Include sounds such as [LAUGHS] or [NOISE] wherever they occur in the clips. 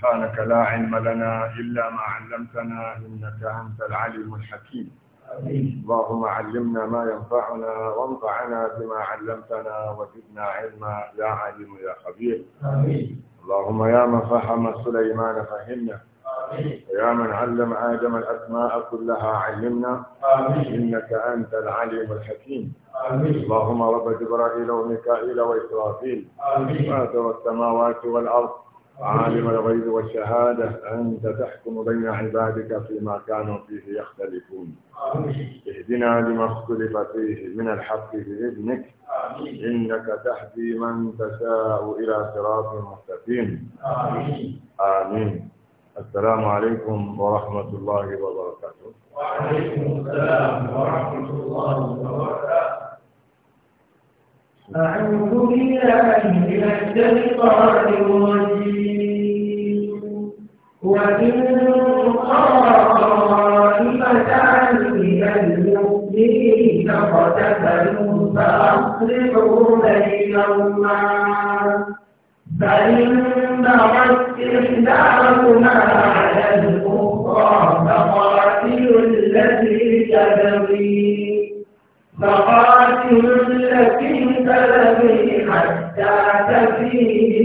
سبحانك لا علم لنا إلا ما علمتنا إنك أنت العليم الحكيم اللهم علمنا ما ينفعنا وانفعنا بما علمتنا وزدنا علما يا عليم يا خبير آمين. اللهم يا من فهم سليمان فهمنا يا من علم آدم الأسماء كلها علمنا آمين. إنك أنت العليم الحكيم آمين. اللهم رب جبرائيل وميكائيل وإسرافيل فاتر السماوات والأرض عالم الغيب والشهادة أنت تحكم بين عبادك فيما كانوا فيه يختلفون اهدنا لما اختلف فيه من الحق بإذنك إنك تهدي من تشاء إلى صراط مستقيم آمين. آمين السلام عليكم ورحمة الله وبركاته وعليكم السلام ورحمة الله وبركاته أعوذ بالله من الشيطان الرجيم وإن طائفتان من المؤمنين اقتتلوا فأصلحوا بينهما فإن بغت إحداهما على الأخرى فقاتلوا التي تبغي فقاتلوا التي الكلام حتى تفيء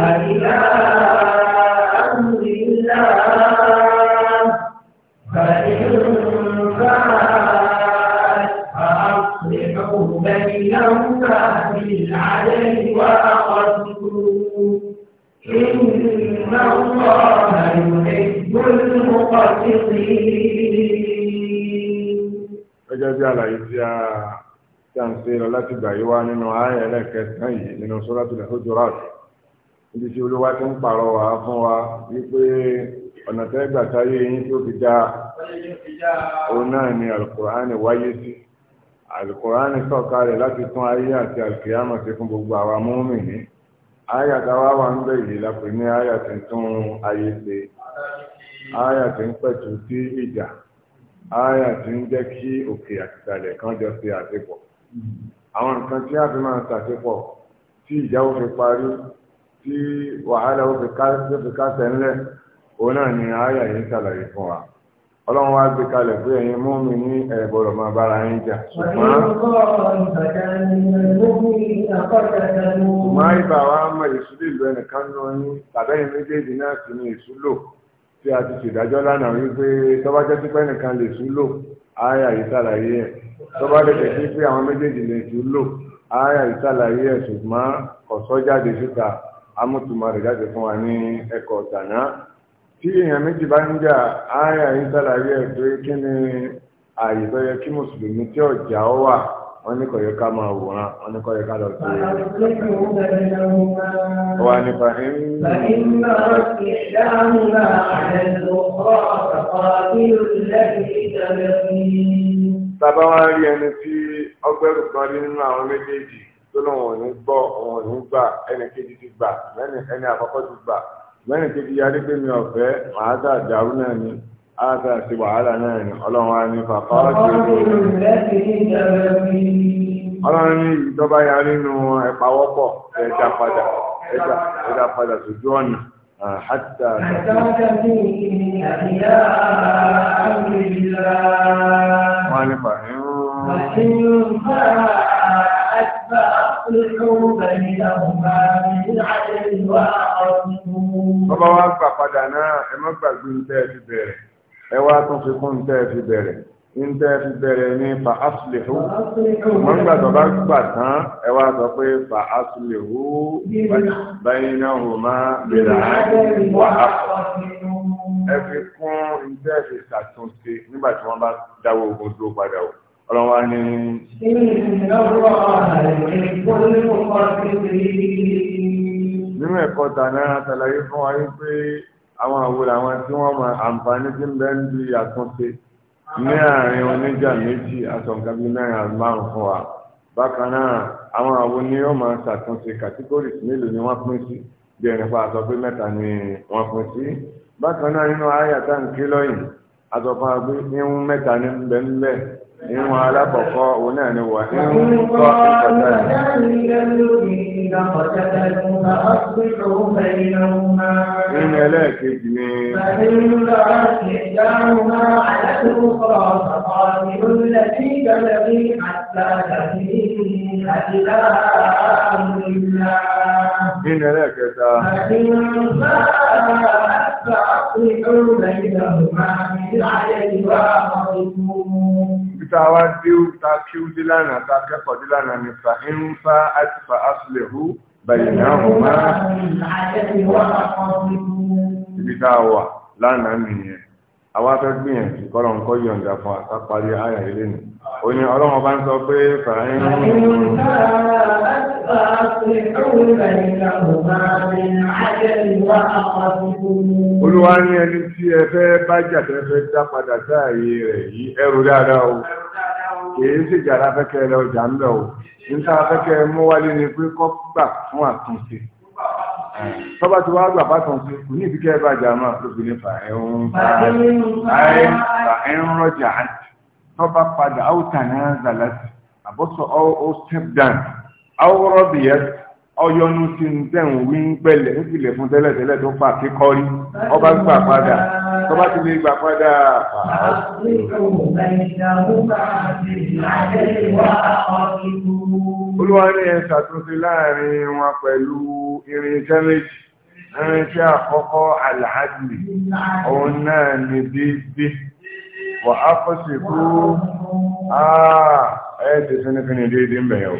إلى أمر الله فإن فعلت فأصلحوا بينهما بالعدل وأقسطوا إن الله يحب المقسطين. Gẹ́gẹ́ bí àlàyé tí a tàǹsí lọ láti gbà yí wá nínú ayé ẹlẹ́kẹsàn yìí nínú Suratul Hujurat níbi tí olúwa ti ń pààrọ̀ wá fún wa wípé ọ̀nà tẹ́ gbà táyé yín tó fi dáa òun náà ni alukur'ani wáyé sí alukur'ani sọ̀kalẹ̀ láti tún ayé àti alukiyama ṣe fún gbogbo àwa mùmínì ayé àtàwá wa ń bẹ̀ yìí la ní ayé àti tún ayé ṣe ayé àti ń pẹ̀tù sí ìjà ayé àti ń jẹ́ kí òkè àtìsàlẹ̀ kan jọ ṣe àtìpọ̀ àwọn nǹkan tí a fi máa tàṣe pọ̀ tí ìjà ó fi parí tí wàhálà ó fi kásẹ̀ ńlẹ̀ òun náà ni àyà yìí ṣàlàyé fún wa ọlọ́run wá gbé kalẹ̀ pé ẹ̀yin mú mi ní ẹ̀bọ̀rọ̀ máa bára yín jà ṣùgbọ́n máa ibà wa mọ ìṣúlẹ̀ ìlú ẹnìkan náà yín tàbẹ́yìn méjèèjì náà sì ni ìṣúlò tí a ti ṣèdájọ́ lánàá wípé tọ́bájọ́ tí pẹ́nìkan lè ṣúlò àyà yìí ṣàlàyé ẹ̀ tó bá dẹ̀dẹ̀ sí pé àwọn méjèèjì lè tún lò ààyè ìsàlàyé ẹ̀ ṣùgbọ́n ọ̀sọ́ jáde síta amútùmọ̀ rẹ̀ jáde fún wa ní ẹ̀kọ́ ọ̀tàná tí èèyàn méjì bá ń jà ààyè ìsàlàyé ẹ̀ kí ni ààyè tó yẹ kí mùsùlùmí tí ọ̀jà ọ wà wọ́n ní kọ̀yọ́ ká máa wòran wọ́n ní kọ̀yọ́ ká lọ sí i. wà nípa ẹ̀mí. فإما إحداهما على الأخرى فقاتل التي تبغي bàbá wa rí ẹni tí ọgbẹ́rù kan rí nínú àwọn méjèèjì tó lọ́wọ́ òní gbọ́ òun òní gbà ẹnì kejì ti gbà ẹnì àkọ́kọ́ ti gbà mẹ́rin kejì yarí pé mi ọ̀fẹ́ màá dà dàrú náà ni á dà sí wàhálà náà ni ọlọ́run á ní fàfà ọlọ́run ní ìjọba yarí nu ẹ̀pàwọ́pọ̀ ẹ̀dá padà ẹ̀dá padà sójú ọ̀nà. حتى تأتيهم أحياء أمر الله قال فإن Bọ́bá wá gbà padà náà, ẹ má gbàgbé ń tẹ́ ẹ fi bẹ̀rẹ̀, ẹ wá tún fi kún ń tẹ́ ẹ fi bẹ̀rẹ̀ ńtẹ́ fi bẹ̀rẹ̀ ní fa asùlẹ̀hù wọ́n gbà tó bá gbà tán ẹ wá sọ pé fa asùlẹ̀hù báyìí náà wò máa bẹ̀rẹ̀ wà á ẹ fi kún ńtẹ́ fi ṣàtúnṣe nígbà tí wọ́n bá dáwọ́ ogun dúró padà o ọlọ́wà ní. nínú ẹ̀kọ́ tàná àtàlàyé fún wa yí pé àwọn àwòrán àwọn tí wọ́n mọ àǹfààní tí ń bẹ ń di àtúnṣe ní àárín oníjà méjì asọ̀nkábí náírà márùn fún wa bákan náà àwọn àwo ni yóò máa ṣàtúnṣe categories mélòó ni wọ́n pín sí bí ẹni pa àsọ pé mẹ́ta ni wọ́n pín sí bákan náà nínú àyà tá à ń lọ́yìn àsọpọ̀ àgbẹ̀ ihun mẹ́ta ní bẹ́ẹ̀ nínú alákọ̀ọ́kọ́ òun náà ni wà nínú tọ́ ìkàtà nínú ẹlẹ́ẹ̀kejì ni nínú ẹlẹ́ẹ̀kẹta فأصلحوا بينهما بالعدل وأقسموا tá a wá dé ta kí ó dé lánàá ta kẹ́kọ̀ọ́ dé lánàá ní fa ń fa àti fa asùlẹ̀ hù bẹ̀yìn náà hù máa. ibi tá a wà lánàá nìyẹn àwọn afẹ́gbìn ìkọlọ̀ nǹkan yọ̀ǹda fún àtàparí àyà ilé nì ó ní ọlọ́run bá ń sọ pé fàáyín olúwa ní ẹni tí ẹ fẹ́ bá jàdẹ́ fẹ́ dá padà sáàyè rẹ̀ yí ẹrù dáadáa o kìí sì jàdá fẹ́kẹ́ lọ jà ń bẹ̀ o níta fẹ́kẹ́ mú wálé ni pé kọ́ gbà fún àtúnṣe tọ́ba tí wàá gbà bátan sí kù ní ìdíkẹ́ bá jà máa tó fi ní fa ẹ̀hún fa ẹ̀hún rọ́jà àti tọ́ba padà áwùtà náà zàlá àbọ̀sọ̀ ó step down áwùrọ̀ bìyẹn ọyọnu ti ń tẹ̀wọ̀n wí ń pẹ̀lẹ̀ ń filẹ̀ fún tẹ́lẹ̀tẹ́lẹ̀ tó fà kíkọ́rí ọba gbà padà tọ́ba ti lè gbà padà. olúwa ẹ ṣàtúnṣe láàrin wọn pẹ̀lú irinṣẹ́ méjì irinṣẹ́ àkọ́kọ́ àlàájì òun náà ní dídí wà á fọ́ sí kú ẹ̀ẹ́dẹ̀ fínífíní déédéé ń bẹ̀yẹ̀ o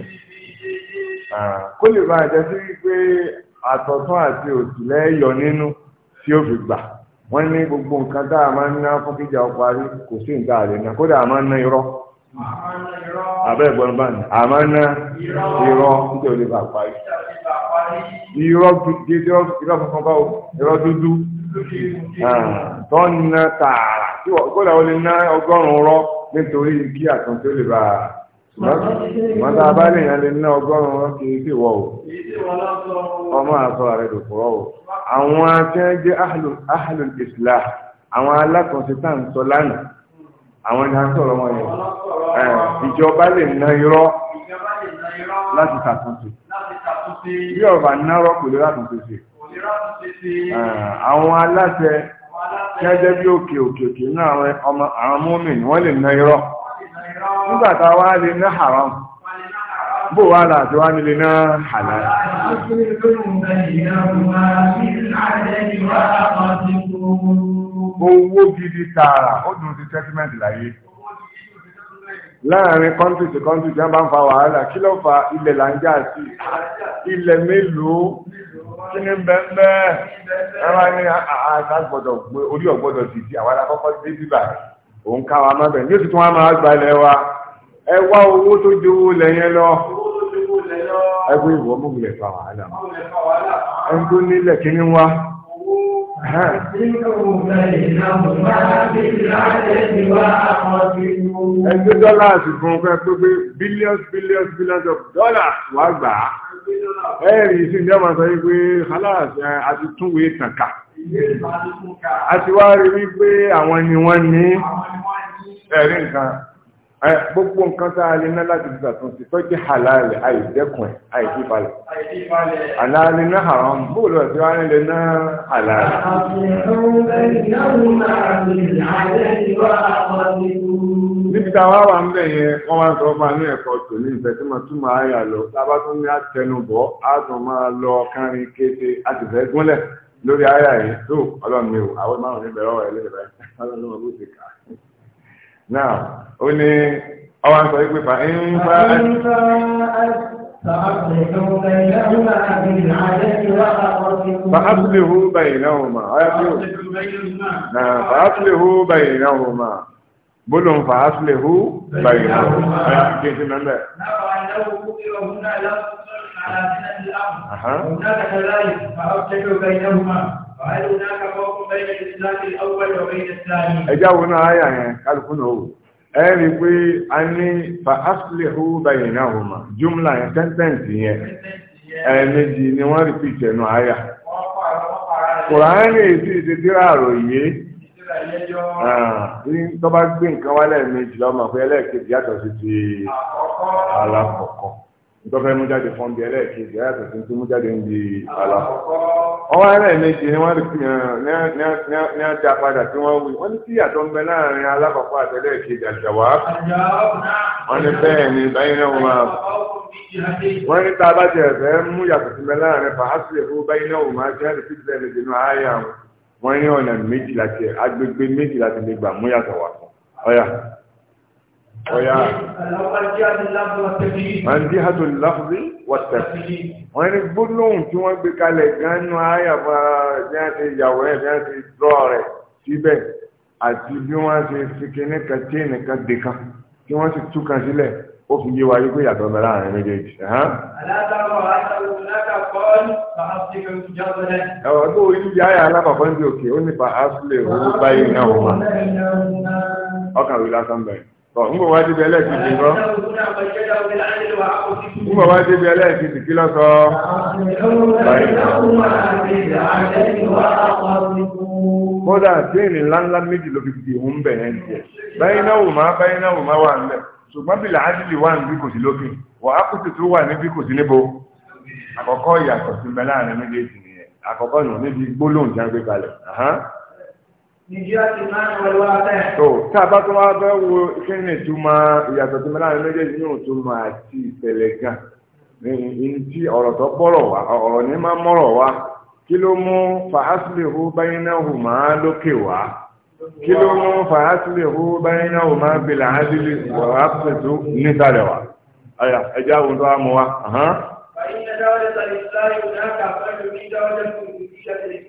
kó lè bá jẹ́ sí wípé àtọ̀tún àti òsì lẹ́yọ nínú tí ó fi gbà wọ́n ní gbogbo nǹkan tá a máa ń ná fún kíjà ọkọ̀ àrí kò sí nǹkan àlè náà kódà a máa ń ná irọ́ abẹ́ ìbọn bá ní a máa ń ná irọ́ níta o lè bá parí irọ́ gidi irọ́ funfun báwo irọ́ dúdú tó ń ná tààrà kódà ó lè ná ọgọ́rùn-ún rọ́ nítorí kí àtúntò lè bá a. mọ́tà abáyé yẹn lè ná ọgọ́rùn-ún wọn kì í o ọmọ àtọ́ rẹ̀ ló fọ́ o àwọn akẹ́jẹ́ ahlul àwọn tá sọ lánàá àwọn ni a sọ̀rọ̀ wọn yẹn ìjọba lè na irọ́ láti bí ọba nárọ̀ kò lè àwọn aláṣẹ bí òkè òkè òkè náà àwọn nígbà tá a wá lè ná haram bó wá là àti wá nílé ná halal. owó gidi tààrà ó dùn sí sẹ́tímẹ́ǹtì láyé láàrin kọ́ntì sí kọ́ntì tí wọ́n bá ń fa wàhálà kí ló fa ilẹ̀ là sí ilẹ̀ mélòó kí ni bẹ́ẹ̀ ẹ̀rọ ní àṣà ah, ah, ah, gbọ́dọ̀ orí ọ̀gbọ́dọ̀ sì sí àwọn alákọ́kọ́ dé bíbà òun ká wa má bẹ̀ ní oṣù tí wọ́n máa gbalẹ̀ wa ẹ wá owó tó ju owó lẹ́yìn lọ ẹgbẹ́ ìwọ mọ̀gbìlẹ̀ fà wàhálà ẹni tó nílẹ̀ kíní wá. Ẹgbẹ́ dọ́là àsìkún fẹ́ pé pé billions billions billions of dollars wà gbà á. Ẹ̀rì sí ìjọ máa sọ wípé halas àti túnwé tànkà. A ti wá rí wípé àwọn ni wọ́n ní ẹ̀rí nǹkan gbogbo nǹkan tá a lè ná láti gbà tó ń tọ́jú halal àìdẹ́kùn ẹ̀ àìdíbalẹ̀. halal ná haram bóòlù ọ̀sẹ̀ wa ń lè ná halal. níbi táwa wà ń bẹ̀ yẹn wọ́n máa sọ fún àánú ẹ̀kọ́ tòní ìfẹ́ tí màá túmọ̀ àyà lọ tábà tún ní àtẹnubọ̀ á tún máa lọ kárin kété àtìfẹ́ gúnlẹ̀ lórí àyà yìí tó ọlọ́run mi ò àwọn márùn oni awon so ipe fa in fa فأصله بينهما فأصله بينهما بلهم فأصله بينهما هناك بينهما هناك بين الأول وبين الثاني ẹ̀rí pé a ní fa'aslihu baynahuma jùmlà yẹn sẹ́ntẹ́ǹsì yẹn ẹ̀ẹ̀mejì ni wọ́n rí pìtì ẹnu àyà kùránì èsì ìdídíra àròyé ní tó bá gbé nǹkan wálẹ̀ méjì lọ́mọ pé ẹlẹ́ẹ̀kejì yàtọ̀ sí ti alákọ̀ọ́kọ́ ìtọ́fẹ́ mú jáde fún bí ẹlẹ́ẹ̀kejì ayàtọ̀ tí ń tún mú jáde ń di àlá. ọwọ́ ẹlẹ́ẹ̀mejì ni wọ́n eh, ní á dá padà tí wọ́n wí wọ́n ní tí ìyàtọ̀ ń bẹ láàrin alákọ̀ọ́kọ́ àti ẹlẹ́ẹ̀kejì àjàwá. wọ́n ní bẹ́ẹ̀ ni báyìí náà wọ́n máa wọ́n ní tá a bá jẹ ẹ̀fẹ́ mú yàtọ̀ sí bẹ láàrin fàásì èkó báyìí náà wọ́n máa jẹ́ àdìsí wọ́n ní ọ̀nà méjì láti agbègbè méjì láti lè gbà mú yàtọ̀ wà fún ọ̀yà ọ̀yá mandihatu lafzi wọ̀tẹ̀sí wọ́n ní gbólóhùn tí wọ́n gbé kalẹ̀ ganu ayàfà bí wọ́n ti yàwó ẹ̀ bí wọ́n ti dúró rẹ̀ síbẹ̀ àti bí wọ́n ti fi kíní kan tí nìkan dé kan tí wọ́n ti tú kan sílẹ̀ ó fi yé wa yí pé yàtọ̀ mẹ́ra àárín méjèèjì. Ẹ̀wọ̀n tó orí ibi ayé alákọ̀ọ́kọ́ ń di òkè ó nípa Ashley owó báyìí náà wọ́n. Ọkàn wí lásán bẹ̀rẹ̀ ọ̀gbọ̀n wá débi ẹlẹ́ẹ̀kejì lọ. ọ̀gbọ̀n wá débi ẹlẹ́ẹ̀kejì kí lọ sọ. kódà tíìnì ńláńlá méjì ló fi di òun bẹ̀ ẹ́ jẹ. báyìí náà wò má báyìí náà wò má wà ń bẹ̀. ṣùgbọ́n bí làádìlì wà níbi kò sí lókè wà á kùtù tó wà níbi kò sí níbo. àkọ́kọ́ ìyàtọ̀ sí mẹ́láàrin méjèèjì nìyẹn àkọ́kọ́ nù níbi gbólóhùn jágbe kalẹ̀ tó tá a bá tó wá bẹ́ wo kíni ìtumọ̀ ìyàtọ̀ tó mẹ́ta ní méjèèjì ní òtúmọ̀ àti ìṣẹ̀lẹ̀ gan ní ti ọ̀rọ̀ tó bọ̀rọ̀ wá ọ̀rọ̀ ní máa mọ̀rọ̀ wá kí ló mú fàásìlèhu báyìnáhù máa lókè wá kí ló mú fàásìlèhu báyìnáhù máa bèlè àádìlì wàá pẹ̀tù nísàlẹ̀ wá ẹjẹ́ àwọn tó wá mú wa. báyìí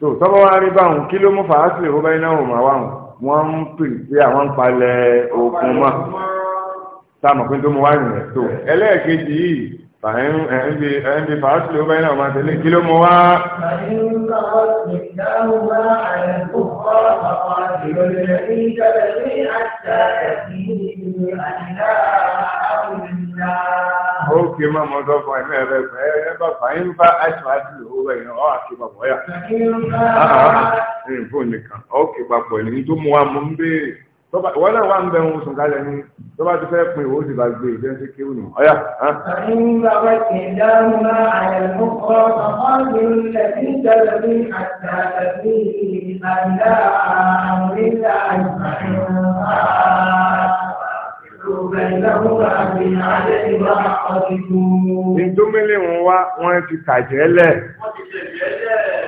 So, tọ́bọ̀ wá rí báwọn kí ló mú fàásì ó bá iná òun máa wáhùn wọ́n ń pè pé àwọn ń palẹ̀ ogun mọ́ sáàmù pé tó mú wá nìyẹn So, ẹlẹ́ẹ̀kejì yìí ẹ̀ǹbi fàásì ó bá iná òun máa tẹ̀lé kí ló mú wá. Thank òkè máa mọ ọdọ fún ẹmẹ rẹ pẹ ẹ bá fàáyín bá àìsàn àti òwúrọ yẹn ọ àti bàbọ yà. ẹyìn fóònù nìkan òkè papọ̀ ẹni tó mú wa mú ń béèrè wọ́n náà wà ń bẹ ohun sùn kálẹ̀ ní tó bá ti fẹ́ pin òun sì bá gbé ìfẹ́ sí kéwù nù. ọ̀yà. àyìn bàbá kì í dáhùn máa àyẹ̀mú kọ́ ọmọdé lẹ́sìn tẹ̀lé àtàlẹ́ àdá àwọn ilé àjẹ́. Ìdómílé wọn wá wọ́n ti tàjẹ́lẹ̀.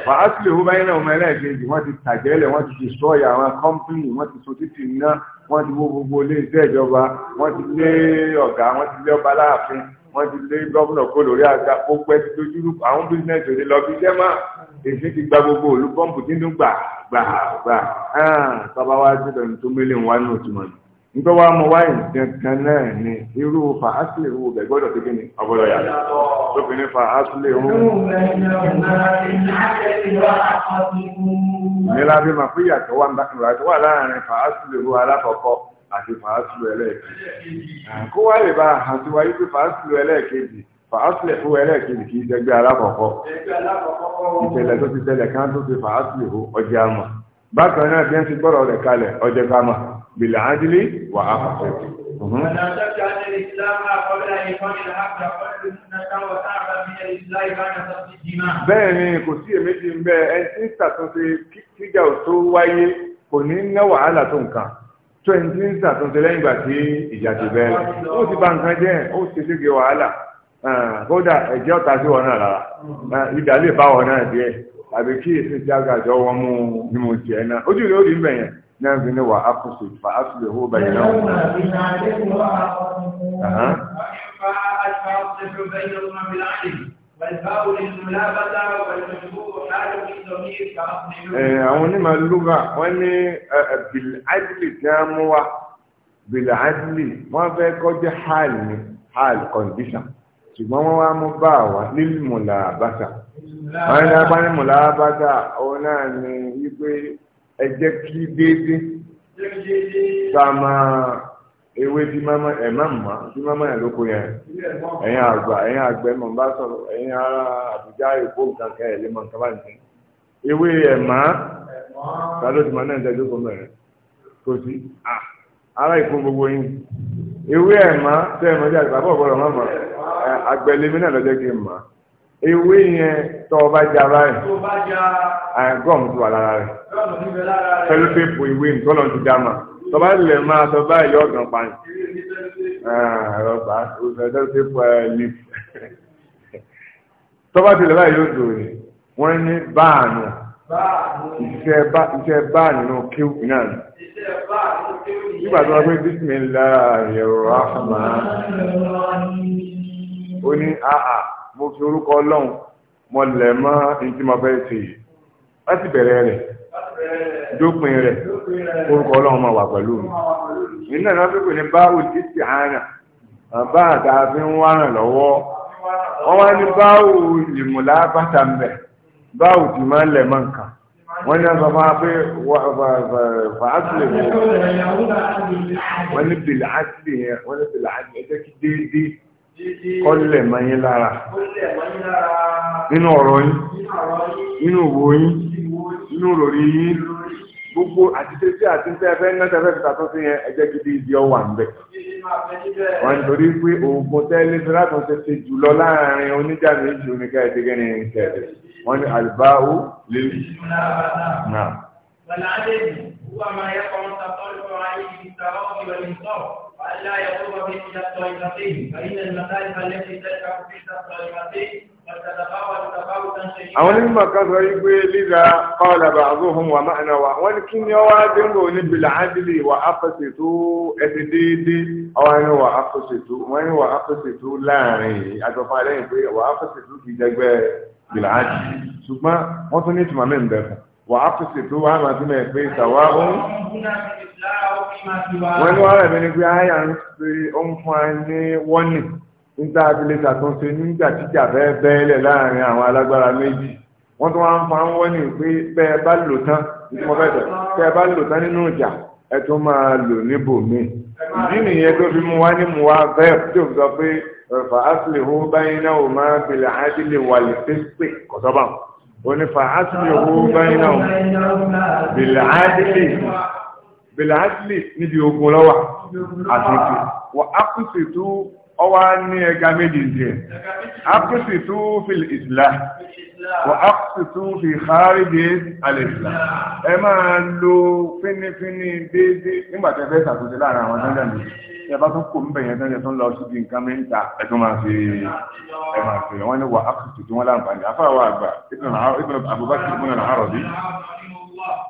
Wà á sì lè hó báyìí náà ọmọ ẹlẹ́gbẹ̀ẹ́jì wọ́n ti tàjẹ́lẹ̀, wọ́n ti ṣe sọ́ọ̀yà àwọn kọ́mpìnì, wọ́n ti so títì iná, wọ́n ti wó gbogbo ilé iṣẹ́ ìjọba, wọ́n ti lé ọ̀gá, wọ́n ti lé ọba láàfin, wọ́n ti lé gómìnà kó lórí àga, gbogbo ẹ ti dojú àwọn bísíǹnẹ̀sì òde lọ bí iṣẹ́ máa èsì ti gba gbogbo òlú pọ́ǹpù tí ń gbà gbà gbà. Tọ́ba wá sí ìdọ̀nù tó mílíọ̀nù wá ní òtún mọ́ni. nígbà wàá mọ wáìnì kankan náà ni irú fa asílẹ̀ irú bẹ̀ gbọ́dọ̀ tó kíni ọgbọ́dọ̀ yàtọ̀ lóbìnrin fa asílẹ̀ irú. nílá bí màá fún ìyàtọ̀ wà láàrin fa asílẹ̀ irú alákọ̀ọ́kọ́ àti fa ẹlẹ́ẹ̀kejì. kó wá lè bá a wáyé pé fa ẹlẹ́ẹ̀kejì ẹlẹ́ẹ̀kejì bákan náà bí wọ́n ti gbọ́rọ̀ rẹ̀ kalẹ̀ ọjọ́ ká mọ̀ bìlà ájílé wà á pàṣẹ. bẹ́ẹ̀ ni kò sí èméjì ń bẹ ẹni tí ṣàtúnṣe kíjà ò tó wáyé kò ní ná wàhálà tó nǹkan tó ẹni tí ń ṣàtúnṣe lẹ́yìn ìgbà tí ìjà ti bẹ̀rẹ̀ ó ti bà nǹkan jẹ́ ó ti ṣèṣègbè wàhálà kódà ẹ̀jẹ̀ ọ̀tá sí wọn náà lára ìdálé bá wọn náà díẹ̀ àbí kí èsì tí àgàjọ wọn mú nínú tiẹ̀ náà ojú rẹ̀ ó rí mbẹ̀ yẹn náà fi ní wà á kó sí fa á sì lè hó bẹ̀yẹ̀ náà. àwọn onímọ̀ lúgà wọ́n ní bìládìlì tí wọ́n mú wa bìládìlì wọ́n fẹ́ kọjá hàl ní hàl ṣùgbọ́n wọ́n wá mú bá wa nílùmọ̀lá bàtà àwọn ẹni apá ní mùlábàdà òun náà ni wípé ẹ jẹ́ kí déédé ká máa ewé tí mama ẹ má mọ tí mama yẹn lóko yẹn ẹ̀yin àgbà ẹ̀yin àgbẹ̀ mọ bá sọ̀rọ̀ ẹ̀yin ará àbújá èkó nǹkan kẹ ẹ lè mọ nǹkan báyìí ewé ẹ má ta ló ti mọ náà ń tẹjọ kó mẹ́rin kò sí ara ìkó gbogbo yín ewé ẹ má tẹ ẹ àgbà bọ̀ bọ̀rọ̀ mọ́ mọ́ àgbẹ̀ lèmi náà lọ́jọ́ kí n mọ̀ ewé yẹn tó ọba jà báyìí gọ́ọ̀mù ti wà lára rẹ̀ pẹ̀lú pépù ìwé ìtọ́nà ti dá ma tọba lè máa sọ báyìí yọ ọ̀gàn pa ní. tọba ti lè báyìí yóò dòwe wọ́n ní báànù iṣẹ́ báànù náà kíw náà ni. nígbà tí wọ́n pé bísí mi lára yẹ̀rọ àfọ̀mọ́ ó ní àhà mo fi orúkọ ọlọ́run mo lẹ̀ mọ́ ní tí mo fẹ́ ṣe yìí láti bẹ̀rẹ̀ rẹ̀ dópin rẹ̀ orúkọ ọlọ́run máa wà pẹ̀lú mi nínú ẹ̀rọ pípé ní báwo ti ti àárà bá àtà fi ń wá ràn lọ́wọ́ wọ́n wá ní báwo ìmùlá bàtà ń bẹ̀ báwo ti máa ń lẹ̀ mọ́ nǹkan wọ́n ní ọ̀sán máa pé fàásìlẹ̀ wọ́n ní bìlà ásìlẹ̀ yẹn wọ́n kí déédéé kọ́lẹ̀ mọ́ yín lára nínú ọ̀rọ̀ yín nínú òwò yín nínú lórí yín gbogbo àtijọ́ tí àti tẹ́ fẹ́ ná tẹ́ fẹ́ fi ṣàtúnṣe yẹn ẹ̀jẹ̀ gidi ìdí ọwà ń bẹ̀. wọ́n ń torí pé oògùn tẹ́lẹ̀ tí látọ̀ ṣe ti jù lọ láàrin oníjà méjì oníkà ẹ̀dẹ́gẹ́ ní ìtẹ̀lẹ̀ wọ́n ní àlùbáwò lélẹ̀. Bàlá Adébù, wọ́n máa yẹ kọ́ tọ́lú ọ̀rọ̀ وألا يقوم في تطليقته فإن المخالف التي تشعر في تطليقته àwọn onímọ̀ kan sọ wípé lílà kọ́ọ̀lá ba'duhum wà máa náà wà wọ́n ní kí ni ó wá dínrò níbi wà áfẹ́sẹ̀ tó ẹsẹ̀ déédéé ọwọ́ ní wà áfẹ́sẹ̀ tó wọ́n ní wà áfẹ́sẹ̀ tó láàrin yìí àjọpọ̀ pé wà áfẹ́sẹ̀ tó kì í dẹgbẹ́ làádìlì ṣùgbọ́n wọ́n tún ní tùmọ̀ mẹ́rin bẹ́ẹ̀ fún wà á pèsè tó wà á máa túmọ̀ ẹ̀ pé ìtàwá ó ń. wọ́n ní wàhálà mi ni pé àyà ń pe ó ń fún wa ní wọ́nì níta abilé ṣàtúnṣe nígbà tíjà bẹ́ẹ̀ bẹ́ẹ̀ lẹ̀ láàrin àwọn alágbára méjì wọ́n tún wá ń fa ń wọ́nì pé bẹ́ẹ̀ bá lò tán nítorí mo fẹ́ tẹ̀ bẹ́ẹ̀ bá lò tán nínú ìjà ẹ tún máa lò níbòmí ìdí nìyẹn tó fi mú wá ní mu wá bẹ́ẹ̀ tó sọ pé fa aslihu baynahumaa bil adli wal qist kọ̀sọ́bà onífà ásìlòwò báyìnà bìláàdìlì níbi ogun lọ́wà àtúntò wà ápùsì tó ọwá ní ẹga méjì díẹ̀ ápùsì tó fi ìsìlá wà ápùsì tó fi kárìdé alẹ́sìlá ẹ máa lo fínífíní déédéé nígbàtẹ́fẹ́ sàtúnṣe láàrin àwọn sọ́jà méjì ẹ̀bá tó kò ń bẹ̀yẹ̀ tẹ́lẹ̀ tó ń lọ síbi nǹkan mẹ́ta ẹ̀tún máa fi ẹ̀ máa fi wọ́n ní wà á kùtù tí wọ́n láǹfààní afáwọ̀ àgbà ìbùnà àbúbákì ìbùnà àárọ̀ bí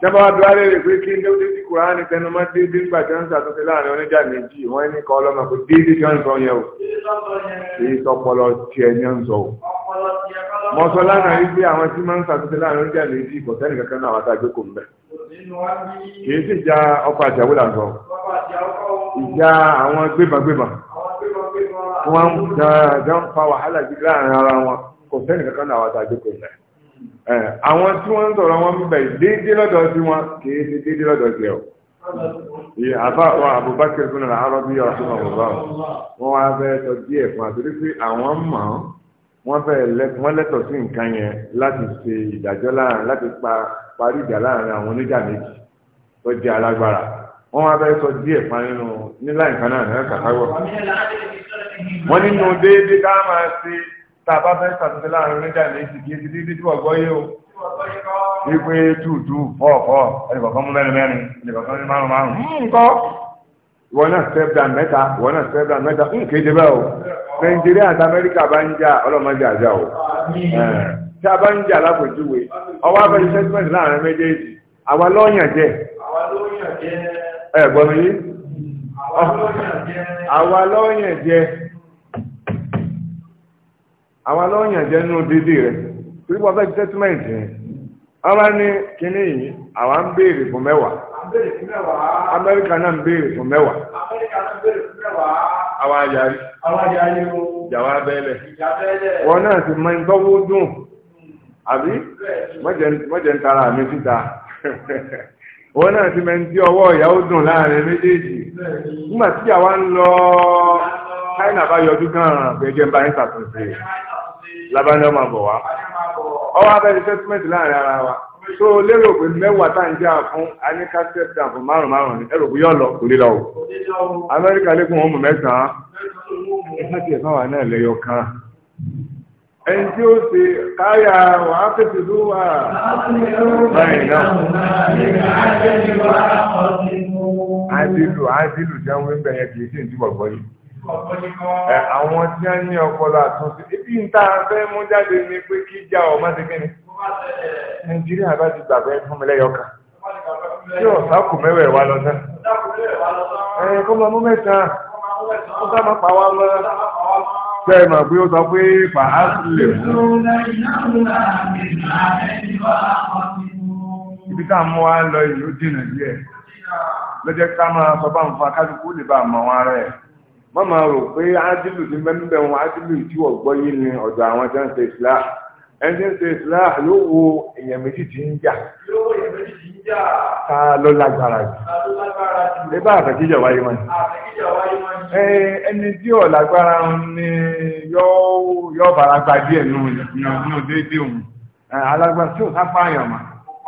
Tẹ́bá wá dúró lérè pé kí ló dé sí Kùránì tẹnu mọ́ déédéé nígbà tí wọ́n ń ṣàtúnṣe láàrin oníjà méjì wọ́n ní kọ́ ọlọ́mọ pé déédéé tí wọ́n ń sọ yẹn o. Èyí sọpọlọ tiẹ̀ ni ń sọ o. Mo sọ lánàá yìí pé àwọn tí máa ń ṣàtúnṣe láàrin oníjà méjì kò sẹ́ni kankan náà gbé kò ń bẹ̀. sì ọkọ̀ àti àwòlà sọ. Ìjà àwọn gbébàgbébà. Wọ́n ń àwọn tí wọ́n ń sọ̀rọ̀ wọn bẹ̀ déédé lọ́dọ̀ sí wọn kìí ṣe déédé lọ́dọ̀ sí ẹ̀ o àbá wa Abubakar fún ara arọ bí ọtún ọgbà wọn wá fẹ́ sọ díẹ̀ fún àtúrí pé àwọn mọ wọn fẹ́ wọn lẹ́tọ̀ọ́ sí nǹkan yẹn láti ṣe ìdájọ́ láàrin láti pa parí ìjà láàrin àwọn oníjà méjì tó jẹ alágbára wọn wá fẹ́ sọ díẹ̀ fún nínú níláìka náà ní ẹka káwọ. wọn nínú déédé ká máa ṣe tá a bá fẹ́ ṣàtúnṣe láàrin oníjà méjì kì í ti dídí tí gbọ́ yé wípé tù tù fọ́ mú mẹ́rin mẹ́rin ẹnìkọ̀ọ̀kan mú márùn márùn. nǹkọ́ ìwọ náà step mẹ́ta ìwọ náà step mẹ́ta ń bẹ́ẹ̀ o Nàìjíríà àti Amẹ́ríkà bá ń jà ọlọ́mọdé o tí a bá ń jà lápòjúwe ọwọ́ abẹ́rẹ́ sentiment láàrin méjèèjì àwa lọ́ọ̀yàn jẹ́ ẹ̀ gbọ́n mi yí àwa lọ́ọ̀yàn jẹ́ àwọn alọ́yàn jẹ́ nínú dídì rẹ̀ torí wọ́n fẹ́ tẹ́tímẹ̀ǹt yẹn wọ́n bá ní kínní yìí àwa ń béèrè fún mẹ́wàá amẹ́ríkà náà ń béèrè fún mẹ́wàá àwa yarí jàwá bẹ́ẹ̀lẹ̀ wọn náà sì mọ ìtọ́wó dùn àbí mọ́jẹ̀ ń tara mi síta wọn náà sì mọ ìtí ọwọ́ ìyàwó dùn láàrin méjèèjì nígbà tí àwa ń lọ China bá yọjú gan-an gbẹ̀jẹ̀ ń bá yín ṣàtúnṣe lábáni ọmọ àbọ̀ wá ọwọ́ abẹ́rẹ́ sẹ́tímẹ́ǹtì láàrin ara wa tó lérò pé mẹ́wàá tá à ń jà fún aníkà step down fún márùn márùn ni ẹ̀rọ kò yọ lọ kò lè lọ amẹ́ríkà lẹ́kùn ọmọ mẹ́sàn-án ẹ̀ka tiẹ̀ fáwọn náà lẹ́yọ kan ẹni tí ó ṣe káyà wà á pèsè ló wà báyìí náà àdìlù àdìlù jẹun ń bẹ̀yẹ kì í sì ń túbọ̀ gbọ́ yìí. Àwọn tí wọ́n ní ọpọlọ àtúnṣe. Ibi ìta fẹ́ mú jáde ni pé kí ìjà ọmọ ti kíni. Nàìjíríà bá ti gbàgbẹ́ fún mi lẹ́yọ̀ọ́kà. Tí ọ̀sá kù mẹ́wẹ̀ wá lọ sẹ́n. Ẹ kọ́ máa mú mẹ́ta. Ó sá máa pa wá lọ. Bẹ́ẹ̀ mà pé ó sọ pé fàásìlè fún. Ibi tá a mú wa lọ ìlú jìnnà díẹ̀. Lọ́jọ́ ká máa sọ bá ń fa kájú kú lè bá àmọ́ wọn ara ẹ̀ má máa rò pé ádìlù ti mẹ́ńbẹ̀ wọn ádìlù tí wọ́n gbọ́ yìí ni ọ̀dọ̀ àwọn tí wọ́n ṣe islah ẹni tí ń ṣe islah yóò wo èèyàn méjì tí ń jà ta ló lágbára jù ẹ bá àfẹ́kíjà wáyé wọn. ẹni tí ò lágbára ni yóò bára gba díẹ̀ nínú déédéé òun alágbára tí ò sápá àyàn mà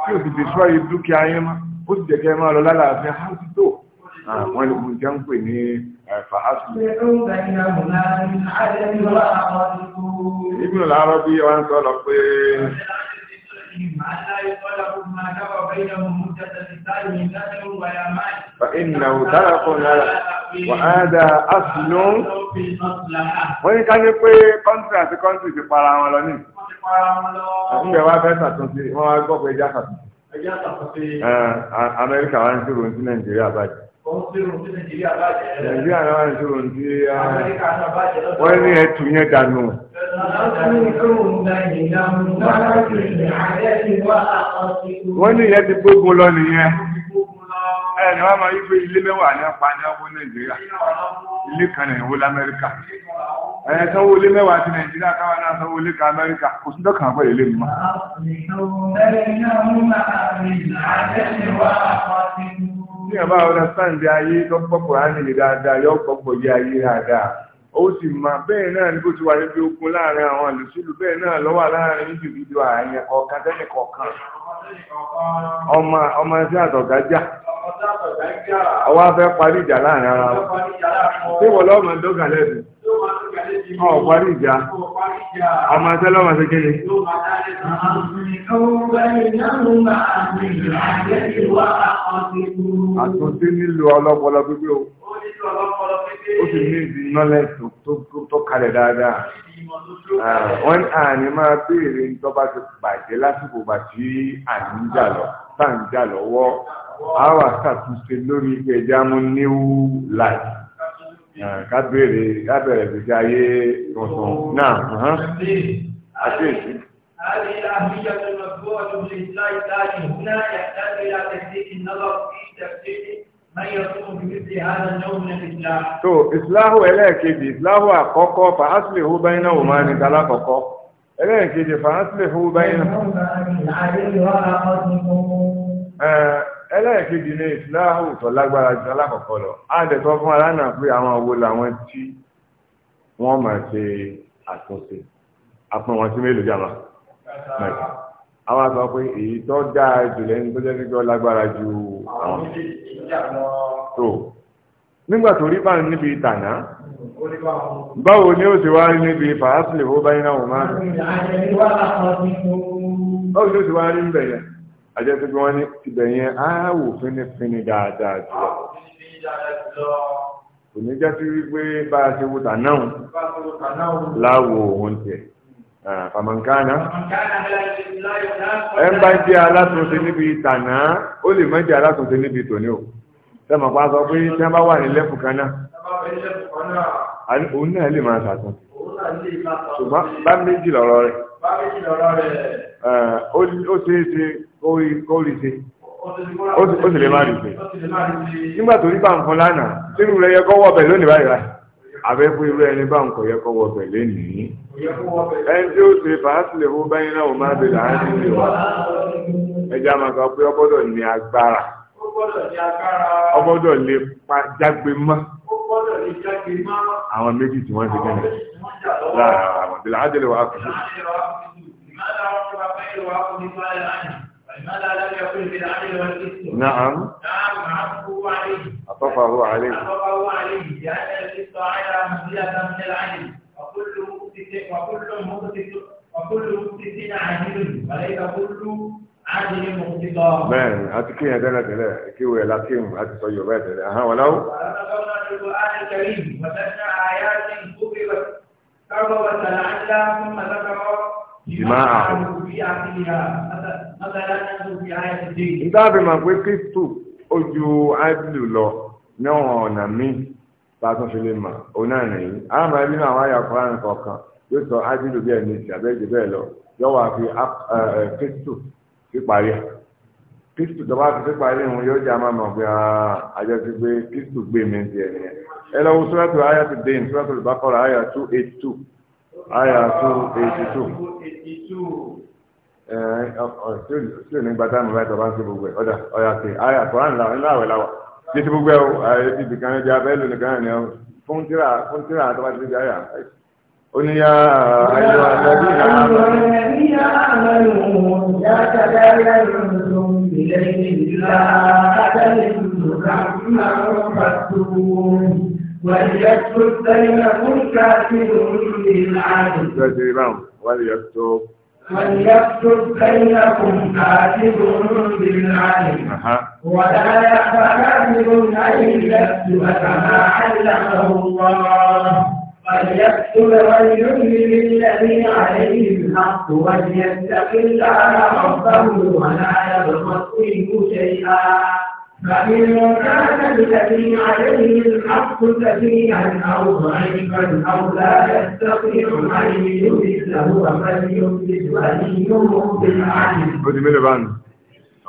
tí ò sì ti sọ yìí dúkìá mà ó sì jẹ́ kẹ́ máa lọ lálàáfíà Ibn al-Arabi wa ń sọ́lọ pé فإنه ترك وهذا أصل wọ́n ní ká ní pé kọ́ntì àti kọ́ntì ìgbẹ̀ wá fẹ́ ṣàtúnṣe wọ́n wá gbọ́ pé ẹjá ṣàtúnṣe Amẹ́ríkà wá ń ṣòro sí Nàìjíríà báyìí Nàìjíríà náà ń ah, sọ̀rọ̀ ní wọ́n ní ẹ̀tù yẹn dànù. Wọ́n ní ìyẹn ti gbógun lọ nìyẹn. Ẹni wọ́n máa wípé ilé mẹ́wàá ní ọ̀pá ní ọwọ́ Nàìjíríà. Ilé kan ní ìwó l'Amẹ́ríkà. Ẹ̀yẹ sanwó ilé mẹ́wàá ti Nàìjíríà káwọn náà sanwó ilé kan Amẹ́ríkà. Kò sí dọ́kàn àpẹẹrẹ ilé mi mọ́. ní àbá ọ̀dà sáǹdì ayé lọ́pọ̀pọ̀ ánìlè dáadáa yọ pọ̀pọ̀ ya ayé dáadáa ó sì máa bẹ́ẹ̀ náà ní bó ti wà níbi okun láàrin àwọn àlùsílù bẹ́ẹ̀ náà lọ́wọ́ láàrin níbi fídíò àyẹ̀kọ̀ọ̀kan ọmọ ọmọ ẹsẹ̀ àtọ̀gá jà pari afẹ́ parí ìjà láàrin ara wọn tí wọ́n lọ́mọ dọ́gà lẹ́bi parí ìjà ọmọ ẹsẹ̀ lọ́mọ se kéde. àtúntí nílò ọlọpọlọ pípé o ó sì ní ìdí nọ́lẹ̀ tó karịa dáadáa. wọ́n àní máa béèrè tó bá ti bàjẹ́ lásìkò bá tí àní ń jà lọ tá ń jà lọ́wọ́ a wà ṣàtúnṣe lórí ẹja mú new life ká béèrè ká bẹ̀rẹ̀ gbèsè ayé tuntun náà uh-huh. àti èsì. هذه الأهمية المذكورة في الإسلام الثاني هنا يحتاج إلى تحقيق النظر في تفسير so islahu ẹlẹ́ẹ̀kejì islahu àkọ́kọ́ fa aslihu bayna wò máa ní dala kọ̀kọ́ ẹlẹ́ẹ̀kejì fa aslihu bayna ẹlẹ́ẹ̀kejì ní islahu tó lágbára jù alákọ̀ọ́kọ́ lọ á dẹ̀ sọ fún aláàna pé àwọn owó làwọn àwọn àgbà pé èyí tó dáa jù lẹ́nu tó jẹ́ sí tó lágbára ju àwọn tó nígbà tó rí bá ń níbi ìtànà báwo ni ó sì wá rí níbi fàásìlè ó bá iná òun máa báwo ni ó sì wá rí ń bẹ̀yẹn àjẹsí pé wọ́n ní ìbẹ̀yẹn ááwò fínífíní dáadáa jùlọ kò ní jásí wípé bá a ṣe wo tànáà láwo òun tiẹ̀ fàmọ̀nkánà ẹ ń bá jẹ́ alátúnṣe níbi ìtànà ó lè má jẹ́ alátúnṣe níbi tòní o sẹ́mọ̀ pa sọ pé tí wọ́n bá wà ní lẹ́fù kan náà òun náà lè máa ṣàtúnṣe ṣùgbọ́n bá méjì lọ́rọ̀ rẹ̀ ó ṣeé ṣe kó rí ṣe ó sì lè má rí ṣe nígbà tó rí bá ń fún lánàá sínú rẹ̀ yẹ kó wọ́ bẹ̀ lónìí báyìí abẹ́kú irú ẹni bá ń kọ̀yẹ́ kọ́ wọbẹ̀ lénìí ẹni tí ó ṣe fàásìlẹ̀ ó báyìí náà máa bè láàrín ilé wa ẹja máa sọ pé ọgbọ́dọ̀ ní agbára ọgbọ́dọ̀ lè pa jágbe mọ́ àwọn méjì tí wọ́n ti gẹ́nà láàrín àwọn bè láàrín ilé wa kù لماذا لم يكن بالعدل والقسط؟ نعم نعم عطفه عليه عطفه عليه عطفه عليه لأن القسط على منزلة من العدل وكل مقسط وكل مقسط وكل مقسط عادل وليس كل عادل مقسطا بẹ́ẹ̀ni a ti kí yẹn dẹ́nà tẹ́lẹ̀ kí wọ́n yẹ látìm a ti الكريم وسمعنا آيات كبرت كربت لعلها ثم ذكر jìmáà. Ìdáàbí máa pé Kristo ojú Áìbìlù lọ ní ọ̀ràn ọ̀nà míì bá tún fi lè mà òun náà nìyí. Àwọn máa nínú àwọn àyà Kọ́rán kọ̀ọ̀kan yóò sọ Áìbìlù bí ẹni ìsìn abẹ́jẹ bẹ́ẹ̀ lọ yóò wá fi Kristo sí parí ẹ̀. Kristo tó bá fi sí parí ìhun yóò jẹ́ àmọ́ mọ̀ pé àjọ ti gbé Kristo gbé mi ti ẹ̀ nìyẹn. Ẹ lọ wo Suratul Ayatul Dayn, Suratul Baqarah àyà 282 àyà 282 tí ò ní gba táìmù láì tọ́ba ń ṣe gbogbo ẹ̀ ọ̀dà ọ̀yà pé àyà kọ́rán làwọn ńlá àwẹ̀ làwà tí ti gbogbo ẹ̀ o àyè ti bìkan ẹ̀ bí abẹ́ lónìí kan ẹ̀ fún tíra fún tíra àtọ́ba ti di àyà ó ní yá ayé wa lọ́bí náà. Ìlẹ́yìn ìlú la, Adé lè lò ká, ń bá wọn bá tó. وليكتب بينكم كاتب بالعدل تجربة وليكتب وليكتب بينكم كاتب بالعدل ولا يأبى كاتب أن يكتب كما علمه الله فليكتب وليملل الذي عليه الحق وليتق الله ربه ولا يبخس منه شيئا فإن كان الذي عليه الحق سفيها أو ضعيفا أو لا يستطيع أن يمثله فمن يمثل وليه بالعدل. أجمل بعد.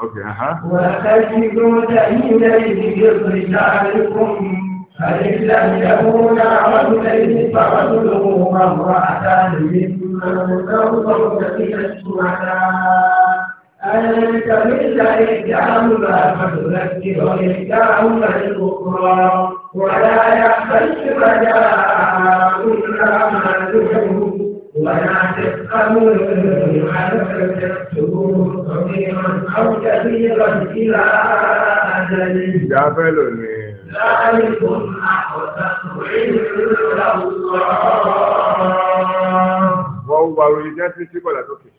أوكي ها. وتجدوا دليلين برجالكم فإن لم يكونا رجلين فرجل وامرأتان ممن ترضون من الشهداء. أن تميل إحداهما فتذكر إحداهما الأخرى ولا يحمل شركاء إلا ما تحب ولا تسألوا عن تكتبوه صغيرا أو كبيرا إلى أجل جابلني ذلكم أحسن عند الله. Wọ́n wà orí jẹ́ tí síbọ̀lá tó kìí.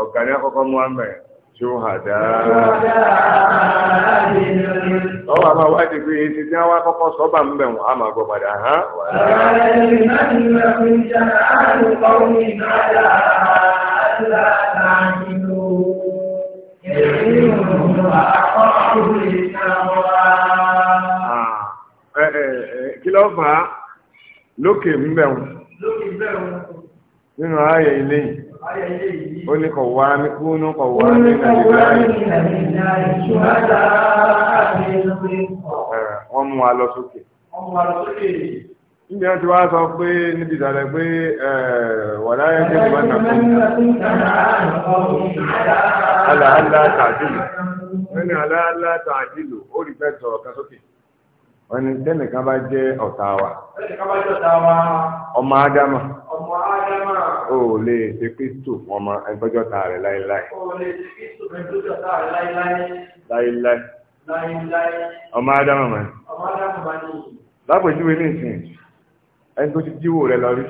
ọ̀gá ní àkọ́kọ́ Muhammad ọwọ́ àmà èsì tí kọ́kọ́ sọ́bà ń a máa gbọ́ padà ha, ah, kí ló fà á lókè ń nínú ààyè ilé yìí ó ní kọ̀wá mi kúnú kọ̀wá mi nàìjíríà wọ́n mú wa lọ sókè níbi wọ́n ti wá sọ pé níbi ìdàlẹ̀ pé eh, wàlá yẹn tí wọ́n nà fún aláàlá tàdílù ó ní aláàlá tàdílù ó rí fẹ́ sọ̀rọ̀ kan sókè wọ́n ní tẹ́nìkan bá jẹ́ ọ̀tá wa ọmọ ádámà ó lè ṣe kristo fún ọmọ ẹgbẹ́jọ́ ta rẹ̀ láíláí láíláí ọmọ ádámà mọ̀ lápèjúwe ní ìsìn ẹni tó ti jíwò rẹ lọ rí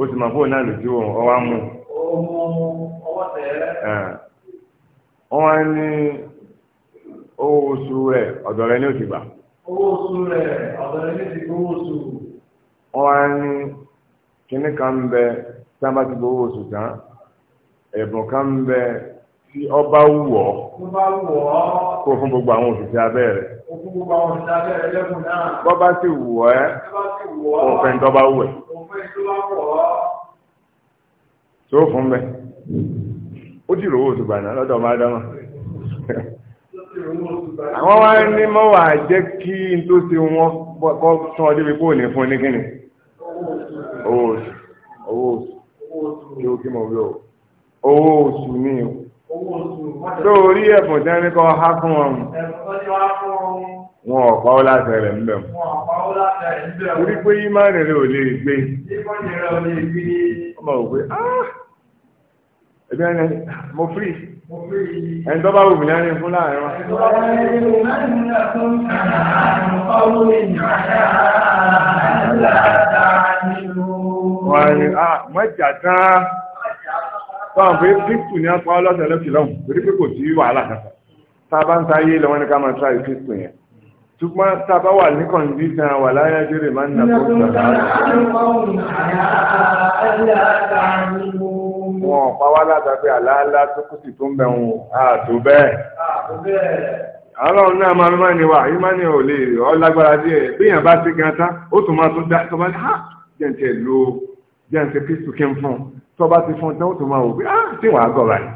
ó sì mọ̀ fóònù náà lè jíwò ọwá mú wọ́n wá ní owó oṣù rẹ̀ ọ̀dọ̀ rẹ̀ ní ó ti gbà. owó oṣù rẹ̀ ọ̀dọ̀ rẹ̀ ní ti gbowó oṣù. wọ́n á ní kinní kan ń bẹ tí wọ́n bá ti gbowó oṣù tán ẹ̀bùn kan ń bẹ tí ọba wùwọ́ kó fún gbogbo àwọn òṣìṣẹ́ abẹ́ rẹ̀. bọ́bá sì wù ọ́ ẹ́ òfin tọ́ba wù ẹ́. tó fún bẹ́ẹ̀ ó ti rò owó oṣù gbà náà lọ́dọ̀ ọmọ ádámà àwọn wá ní mọ́wà jẹ́ kí n tó ṣe wọn kọ́ tún ọdún bí kò ní fún ní kíni owó oṣù owó oṣù kí o kí mọ̀ wí o owó oṣù ní o tó orí ẹ̀fùn tí wọ́n ní kọ́ há fún wọn wọn ọ̀pá ó láti rẹ̀ ń bẹ̀ mọ́ torí pé ìmánì rẹ̀ ò lè gbé ọmọ òwe ah, ẹgbẹ́ ni mo free ẹni tó bá wù mí lẹ́rìn fún láàrin wa. Ah, mọ́jà tán báwọn pé kristu ní apá ọlọ́sẹ̀ lọ́sẹ̀ lọ́hùn torí pé kò sí wàhálà kankan tá a bá ń ta ayé lọ́wọ́ ní ká máa tra kristu yẹn ṣùgbọ́n tá wà ní kọ̀ǹdíṣàn wà láyé jẹ́rẹ̀ máa ń nà fún ìgbà wọn ọ̀pá wá látàgbé àlàálá tó kú sí tó ń bẹ̀rùn ààtò bẹ́ẹ̀. ọlọ́run náà máa mímọ́ ni wà yíma ni ò lè ọ lágbára díẹ̀ bíyàn bá sí gan tán ó tún máa tún dá tọ́ba ní ha ah, jẹ́ǹtẹ̀ lo jẹ́ǹtẹ̀ kristu kí n fún tọ́ba ti fún tán ó tún máa wò pé ah tí wàá gọ̀ báyìí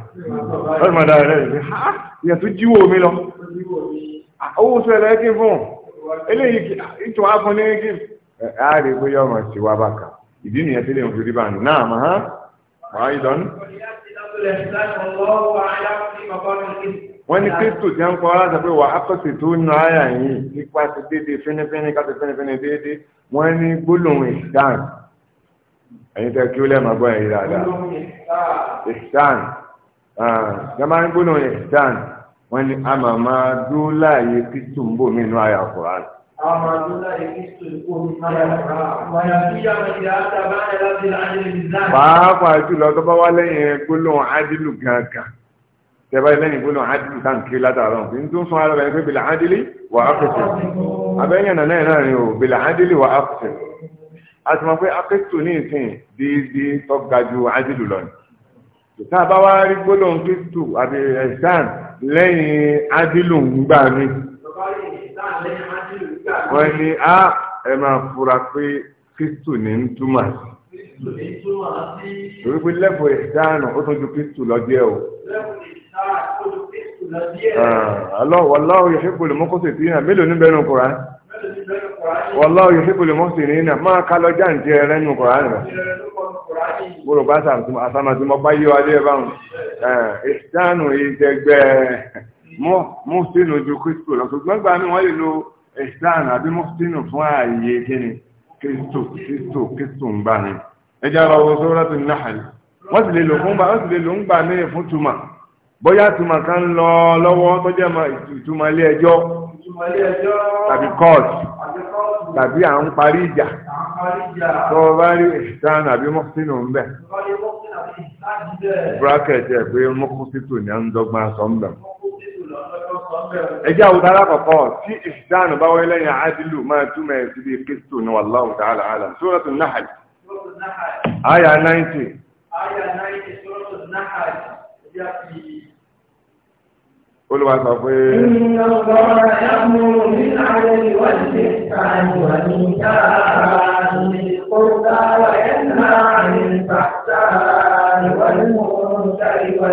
ọdún máa dára lẹ́yìn pé ha ah, ah, ìyẹn tó jíwò mi lọ owó sọ ẹ̀rọ kí n fún eléyìí ìtàn á fún ní kí n. ẹ á rí وأيضا wọ́n ní kristo jẹ́ ń kọ́ láti pé wà ápọ̀sì tó ń nu ara yìí nípa ti déédéé fínífíní káti fínífíní déédéé wọ́n ní gbólóhùn ìsán ẹ̀yin tẹ́ kí ó lẹ́ẹ̀mọ́ gbọ́ ẹ̀yìn dáadáa ìsán jẹ́mọ́ ní gbólóhùn ìsán wọ́n ní àmàmà dúró láàyè kristo ń bò mí nu ara ọ̀kùnrin pàápàá jùlọ tó bá wá lẹ́yìn gbólóhùn ádìlù gangan tẹ́bá lẹ́yìn gbólóhùn ádìlù sáǹkì látàrọ ní tó ń sọ ara rẹ̀ pé bìlà ádìlì wà áfẹ́sẹ̀ abẹ́yẹn nàná ẹ̀ náà ni o bìlà ádìlì wà áfẹ́sẹ̀ a ti mọ̀ pé áfẹ́sẹ̀ ní ìsìn dídí tó ga ju ádìlù lọ ni tá a bá wá rí gbólóhùn kristu àti ẹ̀sán lẹ́yìn ádìlù ń gbà mí. wọ́n ní á ẹ máa fura pé kristu ní ń túmọ̀ sí. torí pé ìdáná ó kristu lọ díẹ̀ o. alọ́wọ́ aláwọ̀ yẹn ṣépò lè mọ́kọ́sì tí náà mélòó ní nù kura. wọ́láwọ̀ yẹn ṣépò lè mọ́kọ́sì ní náà máa ká lọ jáǹtì ẹ̀rẹ́ nù kura rẹ̀. Gbọ́dọ̀ bá sàmàtìmọ́ bá ẹ báwọn. kristu lọ. ẹ̀sán àbí mọ́sítínù fún ààyè kíni kírísítò kírísítò kírísítò ń gbà ní ẹjá ara owó sóràtù Nahl wọ́n sì lè lò fún wọ́n sì lè lò ń gbà ní fún tuma bóyá tuma kan ń lọ lọ́wọ́ tó jẹ́ ìtumọ̀ ilé ẹjọ́ tàbí kọ́ọ̀tù tàbí à ń parí ìjà tó o bá rí ẹ̀sán àbí ń bẹ̀ bracket ẹ̀ pé mọ́kúsítò ni à ń dọ́gba sọ́ńdà. ẹjẹ́ àwùjọ alákọ̀ọ́kọ́ tí ìṣìdáànù bá wáyé lẹ́yìn àádìlú máa túmọ̀ ẹ̀ síbi kristo ní ta'ala alam suratul nahl àyà 90 olùwà sọ pé. iná ọgbọ́n ẹ̀mú ní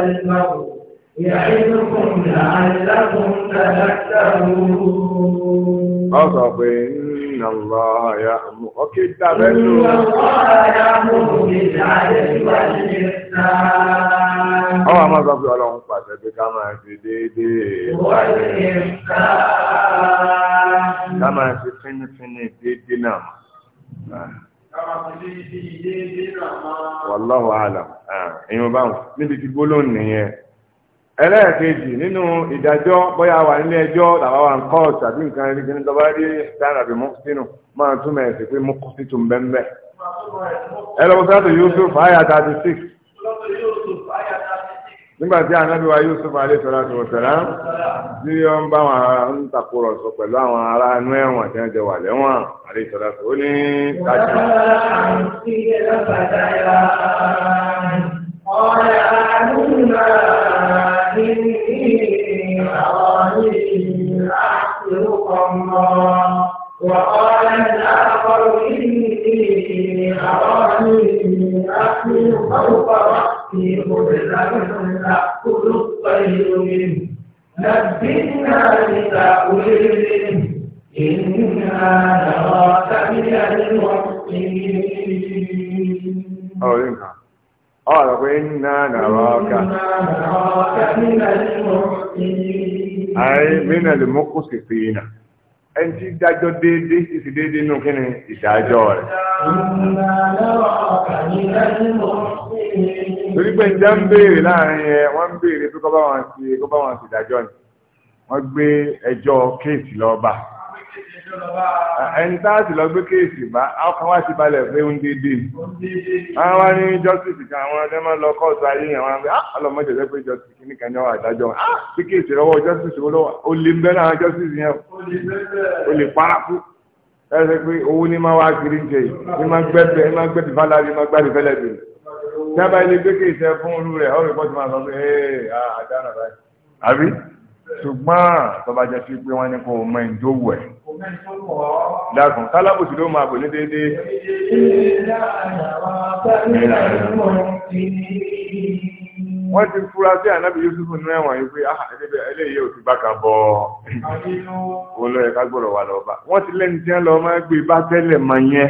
àwọn Ọ̀sọ̀ pé nínú ọ̀lá ya mú ọkí dábẹ́ ló. Ọwọ́ máa sọ pé ọlọ́run pàṣẹ pé ká máa ṣe déédéé. Ká máa ṣe fínífíní déédéé náà. Wàlọ́wọ́ àlà. Ẹ̀yin ọba níbi tí gbólóhùn nìyẹn ẹlẹ́ẹ̀kejì nínú ìdájọ́ bóyá wà nílé ẹjọ́ làwọn wà ń kọ́ tàbí nǹkan ẹni kí ní tọ́ba rí sára bí mọ́sítínù máa túmọ̀ ẹ̀sìn pé mú kọ́ sí tún bẹ́ńbẹ́. ẹ lọ́wọ́ sọ́tò Yusuf àyà thirty six. nígbà tí anábì wa Yusuf alayhi salatu wa salam tí ó ń bá wọn ń takùrọ̀sọ pẹ̀lú àwọn ará inú ẹ̀wọ̀n tí wà lẹ́wọ̀n alayhi salatu ní kájú. قال أعلمنا إني أراني أحسن قمرا وقال الآخر إني أراني أحمل فوق رأسي خبزا تأكل الطير منه نبئنا بتأويله إنا نراك من المحسنين ọ̀rọ̀ pé nná nàrọ̀ ọ̀kà. àì mínà lè mú kó sì fi iná ẹni tí dájọ́ déédéé ti sì déédéé nù kí ni ìdájọ́ rẹ̀. torí pé njẹ́ ń béèrè láàrin ẹ wọ́n ń béèrè pé kọ́ bá wọn ti kọ́ ni wọ́n gbé ẹjọ́ kéèsì lọ́ọ́ ẹni tá a sì lọ gbé kéèsì bá ọkàn wá sí balẹ̀ pé ń dédé àwọn wá ní justice kan àwọn ọdẹ máa ń lọ kóòtù ayé yẹn wọn á ah, ọlọmọdé jẹ pé justice kìíní kan yẹn wà dájọ́ wọn á sí kéèsì lọ́wọ́ justice wọn lọ́wọ́ ó lè bẹ́ẹ̀ náà justice yẹn ó lè paraku ẹ ṣe pé owó ní máa wá kiri ń jẹ yìí ní máa gbẹ́bẹ̀ ní máa gbẹ́bẹ̀ fálárí ní máa gbádùn fẹ́lẹ̀ bèrè dábàá ilé gbé kéèsì ẹ fún olú rẹ̀ ọ̀rẹ́ pọ̀ ṣùgbọ́n tọba jẹ́ sí pé wọ́n ní kò mọ́ ìjó wẹ̀ dákùn kálábùsì ló máa pè ní dédé wọ́n ti fúra sí ànábì Yúsúfù ní ẹ̀wọ̀n yìí pé ah, eléyìí ò ti bá kan bọ òun lọ́yẹ̀ ká gbọ́dọ̀ wà lọ́ba wọ́n ti lẹ́ni tí wọ́n lọ máa gbé bá tẹ́lẹ̀ mọ yẹn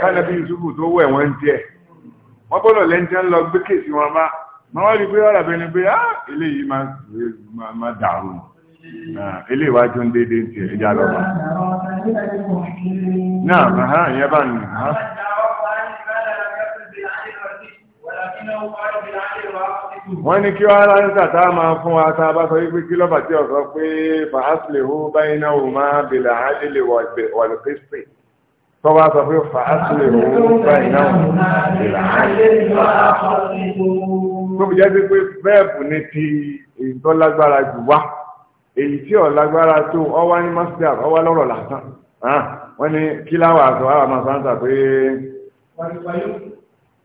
kánábì Yúsúfù tó wẹ̀ wọ́n ń tiẹ̀ wọ́n gbọ́dọ̀ lẹ́ni tí wọ́n lọ gbé kèsì wọn bá ma wá rí pé ọ̀rọ̀ bẹni pé á ah, ilé yìí ma dàrú ilé ah, ìwájú ń dédé ti ẹja lọ́wọ́ náà àhá ìyẹn bá nù á wọ́n ní kí wọ́n ránṣà tá a máa fún wa tá a bá sọ wípé kí lọ́bà tí ọ̀sọ́ pé fàásìlè hó báyìí náà wò máa bèèrè àádìlè wọ̀lùpẹ́sì tó bá sọ pé fàásìlè hó báyìí náà wò máa bèèrè àádìlè wọ̀lùpẹ́sì tó fi jẹ́ pé bẹ́ẹ̀bù ni ti èyí tó lágbára jù wá èyí tí ò lágbára tó ọwá ní masdar ọwá lọ́rọ̀ lásán wọ́n ní kí láwà àtọ̀ àwọn àmà sáńtà pé.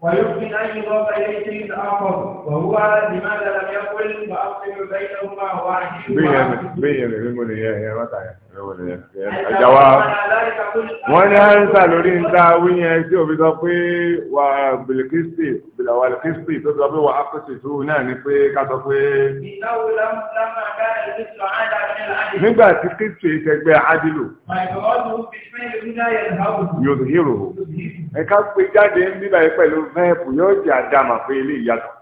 ويمكن أن يضاف إليه شيء آخر وهو لماذا لم يقل وأفصل بينهما وأحيل بين بين بين يا يا ẹ̀já wa wọ́n ní àǹsà lórí ń dá wíyẹn tí òbí sọ pé wà bìlìkìsì bìlàwàlìkìsì tó sọ pé wà ápèsè tó náà ni pé ká sọ pé. nígbà tí kìsì ìtẹ̀gbẹ́ adilu yóò hírò ẹ̀ka pé jáde ń bíbá yìí pẹ̀lú mẹ́ẹ̀pù yóò jẹ́ àdámà pé ilé ìyàtọ̀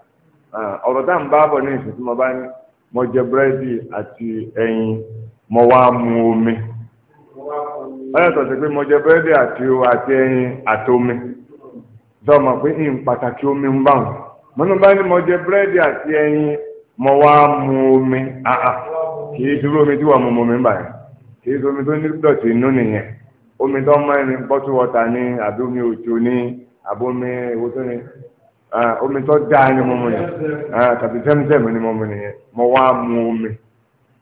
ọ̀rọ̀ tá à ń bá bọ̀ ní ìsìn tí mo bá ní mo jẹ búrẹ́dì àti ẹyin. mo wá mu omi ọlọ́tọ̀ sí pé mo jẹ búrẹ́dì àti àti ẹyin àti omi sọ ma pé ìyìn pàtàkì omi ń bá wọn mọ́nà bá ní mo jẹ búrẹ́dì àti ẹyin mo wá mu omi kì í dúró omi tí wà omi báyìí kì í omi tó ní dọ̀tí inú nìyẹn omi tó ẹni bọ́tú wọ́ta ní àbí omi òjò ní tó ní omi tó dáa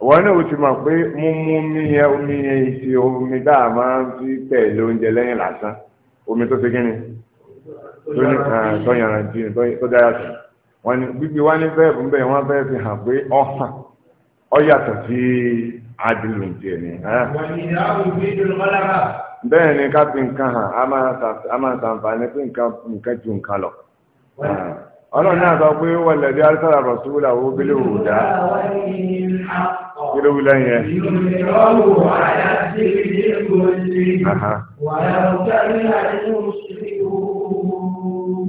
wọn náà ti pe pé mímú omi yẹn omi yẹn ìṣe omi dá a máa ń fi tẹ̀lé oúnjẹ lásán omi tó ṣe kí ni tó ní tó yàrá jí ni tó dára sí wọn ni gbígbé wá ní fẹ́ẹ̀bù bẹ́ẹ̀ wọ́n fi hàn pé ọ̀hàn ọ yàtọ̀ sí adìlù tiẹ̀ ni. Ah. bẹ́ẹ̀ ni ká fi nǹkan hàn ju nǹkan lọ. ọlọ́run náà sọ pé wọ́n lẹ̀dí àrísàrà rọ̀súwìlà owó bílé òòdá kílówù lẹ́yìn ẹ̀.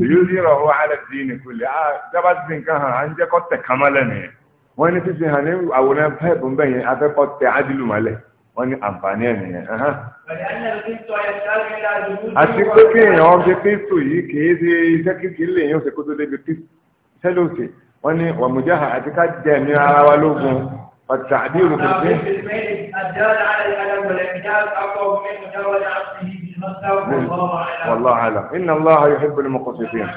ìlú sí ìrọ̀wọ́ alẹ́dí ní kulẹ̀ jábá ti fi nǹkan hàn á ń jẹ́kọ́ tẹ̀ kámálẹ̀ nìyẹn wọ́n ní fífi hàn ní àwòrán pẹ́ẹ̀pù ń bẹ̀yẹn afẹ́kọ́ tẹ̀ ádìlú wọ́n ní àǹfààní ẹ̀ nìyẹn. àti pé kí èèyàn ṣe kristo yìí kì í ṣe iṣẹ́ kékeré lè yàn ṣe kó tó débi iṣẹ́ wọ́n ní wàmújáhà àti ká jẹ́ ẹ̀mí ara wa lógun ọ̀tà àbí olùkọ́sí. والله أعلم إن الله يحب المقصفين.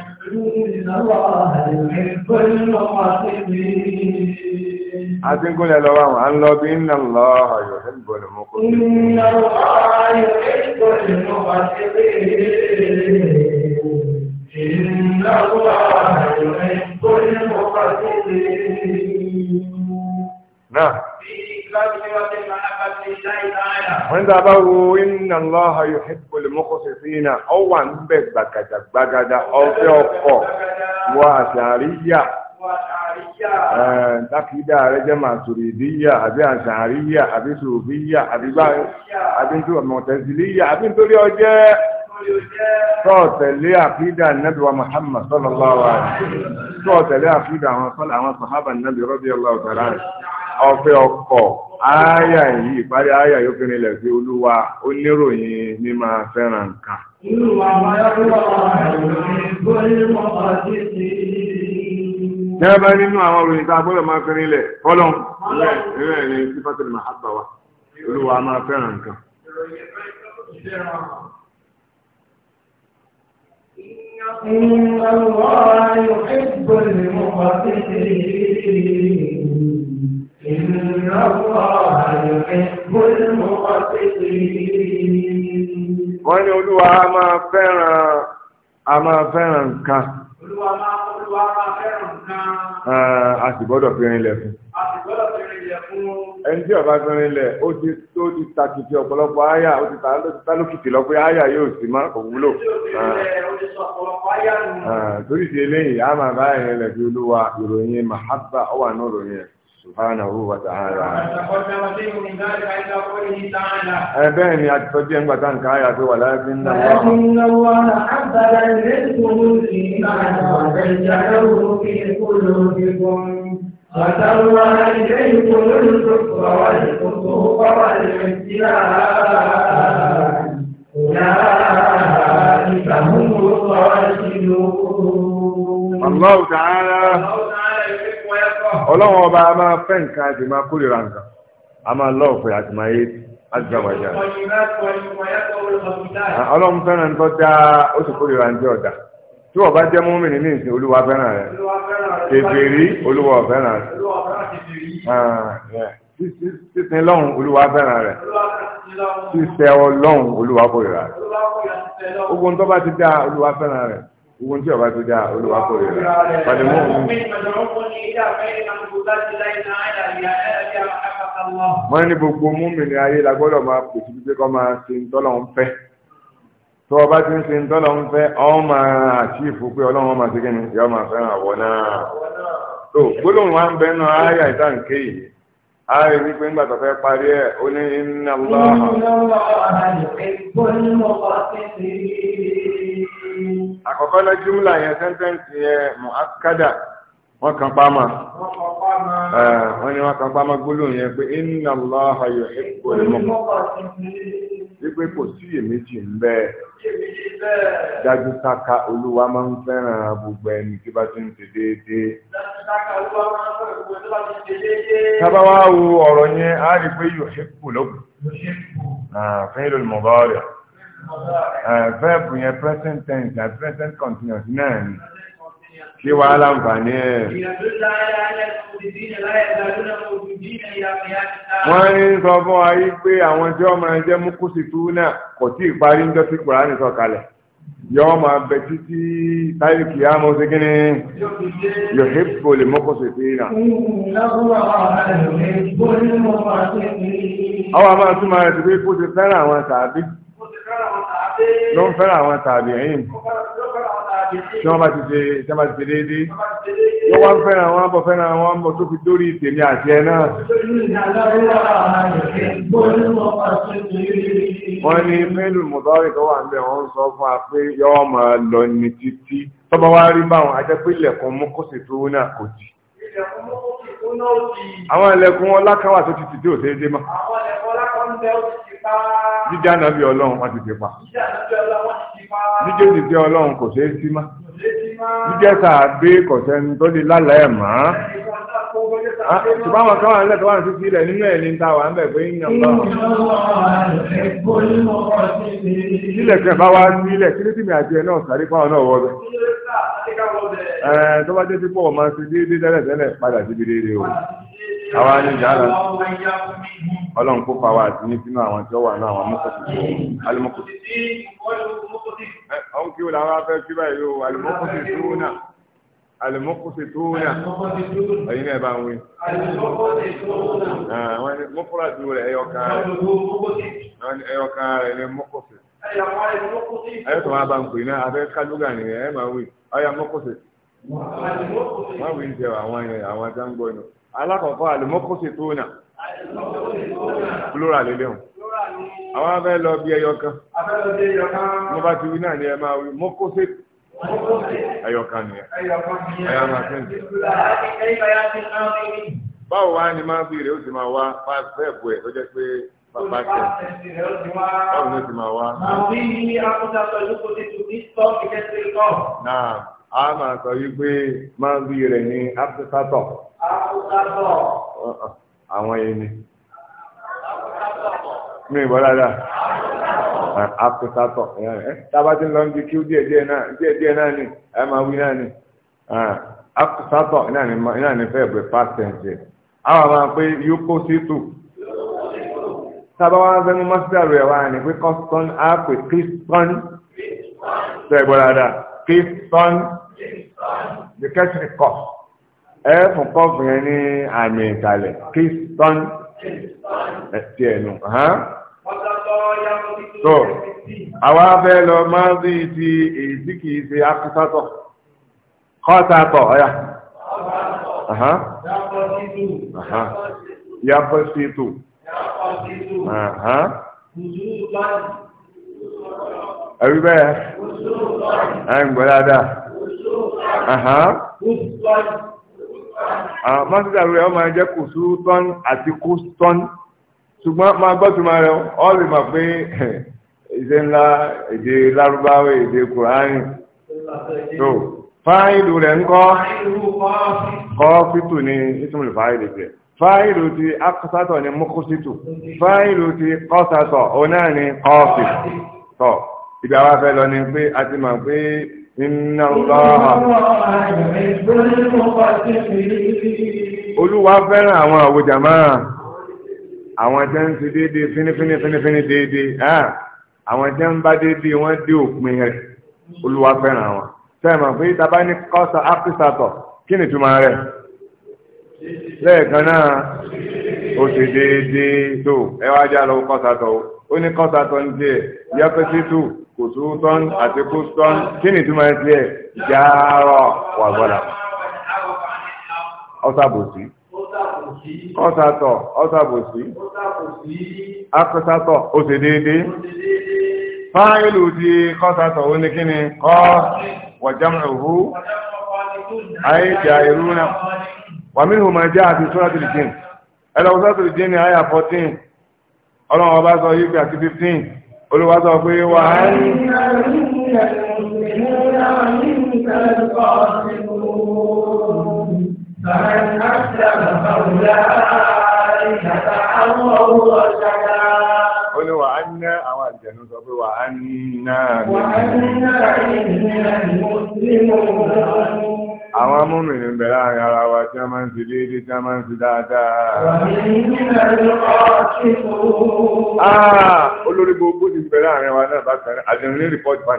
عايزين نقول يا لو عن لو ان الله يحب نعم. المقتدين ان الله يحب المقتدين ان الله يحب المقتدين نعم وإن ذهبوا إن الله يحب المقصفين أو أن بك بكتك بكتك أو في أفق وأساريك e rẹ jẹ́ màtùrìdíyà àbí àṣàríyà àbí sòfíyà àbí gbáyé àbí tó mọ̀tẹ́sílíyà àbí nítorí ọjẹ́ tọ́ọ̀tẹ̀lé àkídà nẹ́bí wa Muhammad sallallahu alaihi àwọn sọ́lá àwọn nẹ́bí radiyallahu ta'ala ọ̀fẹ́ ọkọ̀ ááyà yìí yóò fẹ́rin sí olúwa ní máa fẹ́ràn nǹkan. ní wọ́n bá nínú àwọn òròyìn tá a gbọ́dọ̀ máa fi rinlẹ̀ fọ́lọ́n rẹ̀ ní sífàtìlì mahabba wa olúwa máa fẹ́ràn nǹkan. Wọ́n ní olúwa máa fẹ́ràn a máa fẹ́ràn nǹkan. a sì gbọ́dọ̀ fi rinlẹ̀ fún. fún. ẹni tí ọba fi rinlẹ̀ ó ti tó ti ta kìkì ọ̀pọ̀lọpọ̀ àyà ó ti ta àyà yóò sì má kò wúlò. torí ti eléyìí a máa bá ẹ̀rin lẹ̀ fi olúwa ìròyìn mahabba ọ̀wà náà ròyìn ẹ̀. سبحانه وتعالى أبين يتفجين بطنك آية ولكن الله ولكن الله حبب الرزق الإيمان وزينه في قلوبكم وسوى إليكم الكفر والفسوق والعصيان أولئك هم الراشدون الله تعالى ọlọ́run ọba a máa fẹ́ nǹkan àti máa kórìíra nǹkan a máa lọ ọ̀fẹ́ àti máa yé azerbaijan. ọlọ́run fẹ́ràn tó dáa ó sì kórìíra ní ọ̀dà tí wọ́n bá jẹ́ mọ́mìnì ní ìsìn olúwa fẹ́ràn rẹ̀ kèfèrí olúwa fẹ́ràn rẹ̀ sísin lọ́hùn olúwa fẹ́ràn rẹ̀ sísẹ ọlọ́hùn olúwa kórìíra rẹ̀ gbogbo ń tọ́ bá ti dáa olúwa fẹ́ràn rẹ̀ gbogbo tí ọba tó dá olúwa kò rí rà pàdé mọ́ òun. wọ́n ní gbogbo múmìnì ayé la gbọ́dọ̀ máa pè sí pípé kọ́ máa ṣe ń tọ́lọ̀ ń fẹ́ tó ọba ti ń ṣe ń tọ́lọ̀ ń fẹ́ ọ́n máa àṣìfò pé ọlọ́run máa ṣe kí ni ìyá máa fẹ́ràn àwọ̀ náà. tó gbólóhùn wa ń bẹ́ẹ̀ náà ayé àìsàn kéyìí Ààrẹ wípé ńgbà tó fẹ́ parí ẹ̀, ó ní iná lọ́wọ́. Àkọ́kọ́ lọ jùmúlà yẹn sẹ́ńtẹ́ǹsì yẹn mọ̀ wọ́n kan pámá. Wọ́n ní wọ́n kan pámá gbólóhùn yẹn pé iná lọ́wọ́ dájú sáka olúwa máa ń fẹ́ràn gbogbo ẹni tí bá ti ń ṣe déédéé. sábà wá wo ọ̀rọ̀ yẹn á rí pé yóò ṣe kù lọ́kù. fẹ́ẹ́ ló mọ̀ bá ọ̀rẹ́. fẹ́ẹ̀bù yẹn present tense and present continuous náà ni kí wàá láǹfààní ẹ̀. wọ́n ní sọ fún wa yí pé àwọn tí wọ́n máa jẹ́ múkúsì túnà kò tí ì parí ń jọ sí Kùránì sọ̀kalẹ̀ yọ́ máa bẹ títí táyì kì á mọ́ sí kí ni yòhípò lè mọ́kọ̀ sí ọwọ́ a máa rẹ̀ sí pé kó ti fẹ́ràn àwọn tàbí ló ń fẹ́ràn àwọn tàbí ẹ̀yìn tí wọ́n bá ti ṣe tí wọ́n bá ti ṣe déédéé wọ́n wá ń fẹ́ràn wọn bọ̀ fẹ́ràn wọn bọ̀ tó fi dórí tèmi àti ẹ náà. wọ́n ní mélòó mọ̀tọ́rì tó wà ń bẹ̀ wọ́n sọ fún wa pé yọ́ọ́ máa lọ ní títí tọ́ba wá rí báwọn ajẹ́pẹ́ ilẹ̀kùn mú kó sì tó náà kò tì àwọn ẹlẹ́kùn ọlákan wà tó ti ti tí ò déédé mọ́. àwọn ẹlẹ́kùn ọlákan ń bẹ́ ó ti ti pa. jíjà náà bí ọlọ́run wọ́n ti ti pa. jíjà náà ọlọ́run wọ́n ti ti pa níjẹ́ òdìdẹ́ ọlọ́run kò ṣeé sí má níjẹ́ sàádé kọ̀ṣẹ́ni tó lè lálẹ́ ẹ̀ mọ́. ṣùgbọ́n àwọn kan wà nílẹ̀ tó wà ní títí ilẹ̀ nínú ẹ̀ ní ta wà ń bẹ̀ pé ń yàn bá wọn. ilẹ̀ kan bá wá sí ilẹ̀ kí ní tìmí àti ẹ̀ náà sáré fáwọn náà wọ́ tó bá jẹ́ pípọ̀ máa ṣe déédéé tẹ́lẹ̀ tẹ́lẹ̀ padà síbi déédéé o. àwa ni ìjàlá ọlọ́run kó fa wa àti ní sínú àwọn tí alimokositona ẹyin náà bá ń wí. alimokositona. Ah, wọ́n ní mọ́kúrà dúró rẹ̀ ẹyọkan rẹ̀ ẹyọkan rẹ̀ ní mọ́kọ́sì. ẹyọ tó máa bá ń pè náà abẹ́ kálúgà ni ẹ máa wí ọyà mọ́kọ́sì. wọ́n wí ń jẹ àwọn yẹn àwọn jágbọ́ ni. alákọ̀ọ́kọ́ alimokositona. plural lélẹ́hùn àwọn abẹ́ lọ bí ẹyọkan. abẹ́ lọ bí ẹyọkan. mo bá ti wí náà ni ẹ máa wí mọ́kọ́sì ẹyọkan ni ẹyọ máa fi ń jẹ. báwo wá ni máa bí rẹ̀ o ti máa wá fẹ́ẹ̀bù ẹ̀ tó jẹ́ pé bàbá tẹ̀ báwo ló ti máa wá. àbí akúta pẹ̀lú kò ti tù ní sọ́ọ̀kì kẹ́sì náà. náà a máa sọ wípé máa bí rẹ̀ ní akútatọ̀. akútatọ̀. àwọn ẹni. mi ì bọ́ dáadáa akutátọ̀ eh? tába ti ń lọ níbi kí ó díẹ̀ díẹ̀ náà díẹ̀ díẹ̀ náà ni ẹ máa wí náà ni akutátọ̀ ah, náà ni fẹ́ bẹ̀ past tense àwọn àmà pé yókò sí tù tába wá fẹ́ mú mọ́sítà rẹ̀ wá ni pé kọ́sítọ́n á pè kírísítọ́n sọ ìgbọ́ dáadáa kírísítọ́n the catchy cough ẹ fún kọ́ọ̀fù yẹn ní àmì ìkàlẹ̀ kírísítọ́n ẹ tiẹ̀ nù tó àwa fẹ́ lọ máa ń rí ti èyí tí kìí ṣe akúsátọ̀ kọ́sátọ̀ ọ̀yà yàtọ̀ sí ètò ẹ̀rí bẹ́ẹ̀ ẹ̀ ń gbọ́ dáadáa àwọn mọ́sítà rẹ̀ ọmọ ẹ̀jẹ̀ kò sùúrù tán àti kò tán ṣùgbọ́n máa gbọ́ tó máa rẹ ọ́ lè mọ̀ pé èdè [LAUGHS] ńlá èdè lárúbáwá èdè kùránì tó fáìlù rẹ̀ ń kọ́ kọ́ fítù ní ìtumùlù fáìlù rẹ̀ fáìlù ti akọ́sátọ̀ ní mọ́kúsítù fáìlù ti kọ́sátọ̀ òun náà ní kọ́ọ̀fì tọ̀ ìgbà wa fẹ́ lọ ni pé a ti mọ̀ pé Inna Allah. Olúwa fẹ́ràn àwọn àwòjàmáà àwọn ẹjẹ́ ń ti déédé fínífíní fínífíní déédé àwọn ẹjẹ́ ń bá déédé wọ́n dé òpin rẹ̀ olúwa fẹ́ràn wọn sẹ́ẹ̀mọ̀ pé tàbá ní kọ́sà áfíṣàtọ̀ kí ni túmọ̀ rẹ̀ lẹ́ẹ̀kan náà ó ṣe déédé tó ẹ wá já lọ kọ́sàtọ̀ ó ní kọ́sàtọ̀ ń tiẹ̀ yẹ́pẹ́sí tù kòtútọ́n àti kòtútọ́n kí ni túmọ̀ tiẹ̀ jáárọ̀ wà gbọ́dọ̀ ọ̀sàbòsí ọ̀sàtọ̀ ọ̀sàbòsí akọ̀sàtọ̀ òsèdédé fáìlù di kọ́sàtọ̀ ó ní kíni kọ́ wàjámùhù àìjà ìrúnà wàmíhù máa jẹ́ àti sóràtìlì jìn ẹlọ́wọ́ sóràtìlì jìn ní àyà 14 ọlọ́wọ́ bá sọ yípe àti 15 olúwa sọ pé wà á ní فمن أسلم فأولئك تعرضوا رشدا قل وعنا أو الجنة قل وعنا وعنا إنا المسلمون àwọn amúmìnì ń bẹ láàrin ara wa tí a máa ń fi déédéé tí a máa ń fi dáadáa. Ah, olórí gbogbo ti ń bẹ láàrin wa náà bá kẹrin rìpọ́tì bá ń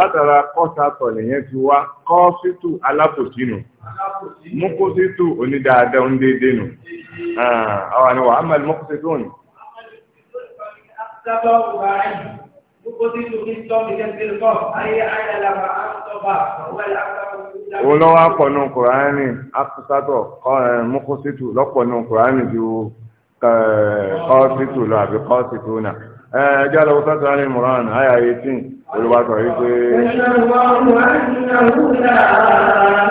látara kọ́sàtọ̀ lèyẹn ti wá kọ́sítù alápòtínù mọ́kọ́sítù onídáadáa ń dédé nù àwọn àwọn àmàlì mọ́kọ́sítù òní. Òun lọ wá pọ̀ nù Kùránì, Akùsátọ̀, Mọ́kọ́sítù lọ́pọ̀ nù Kùránì ju kọ́sítù lọ àbí kọ́sítù náà. جعل وسط آل عمران آية 18 والوعد وعيد إن الله أنه لا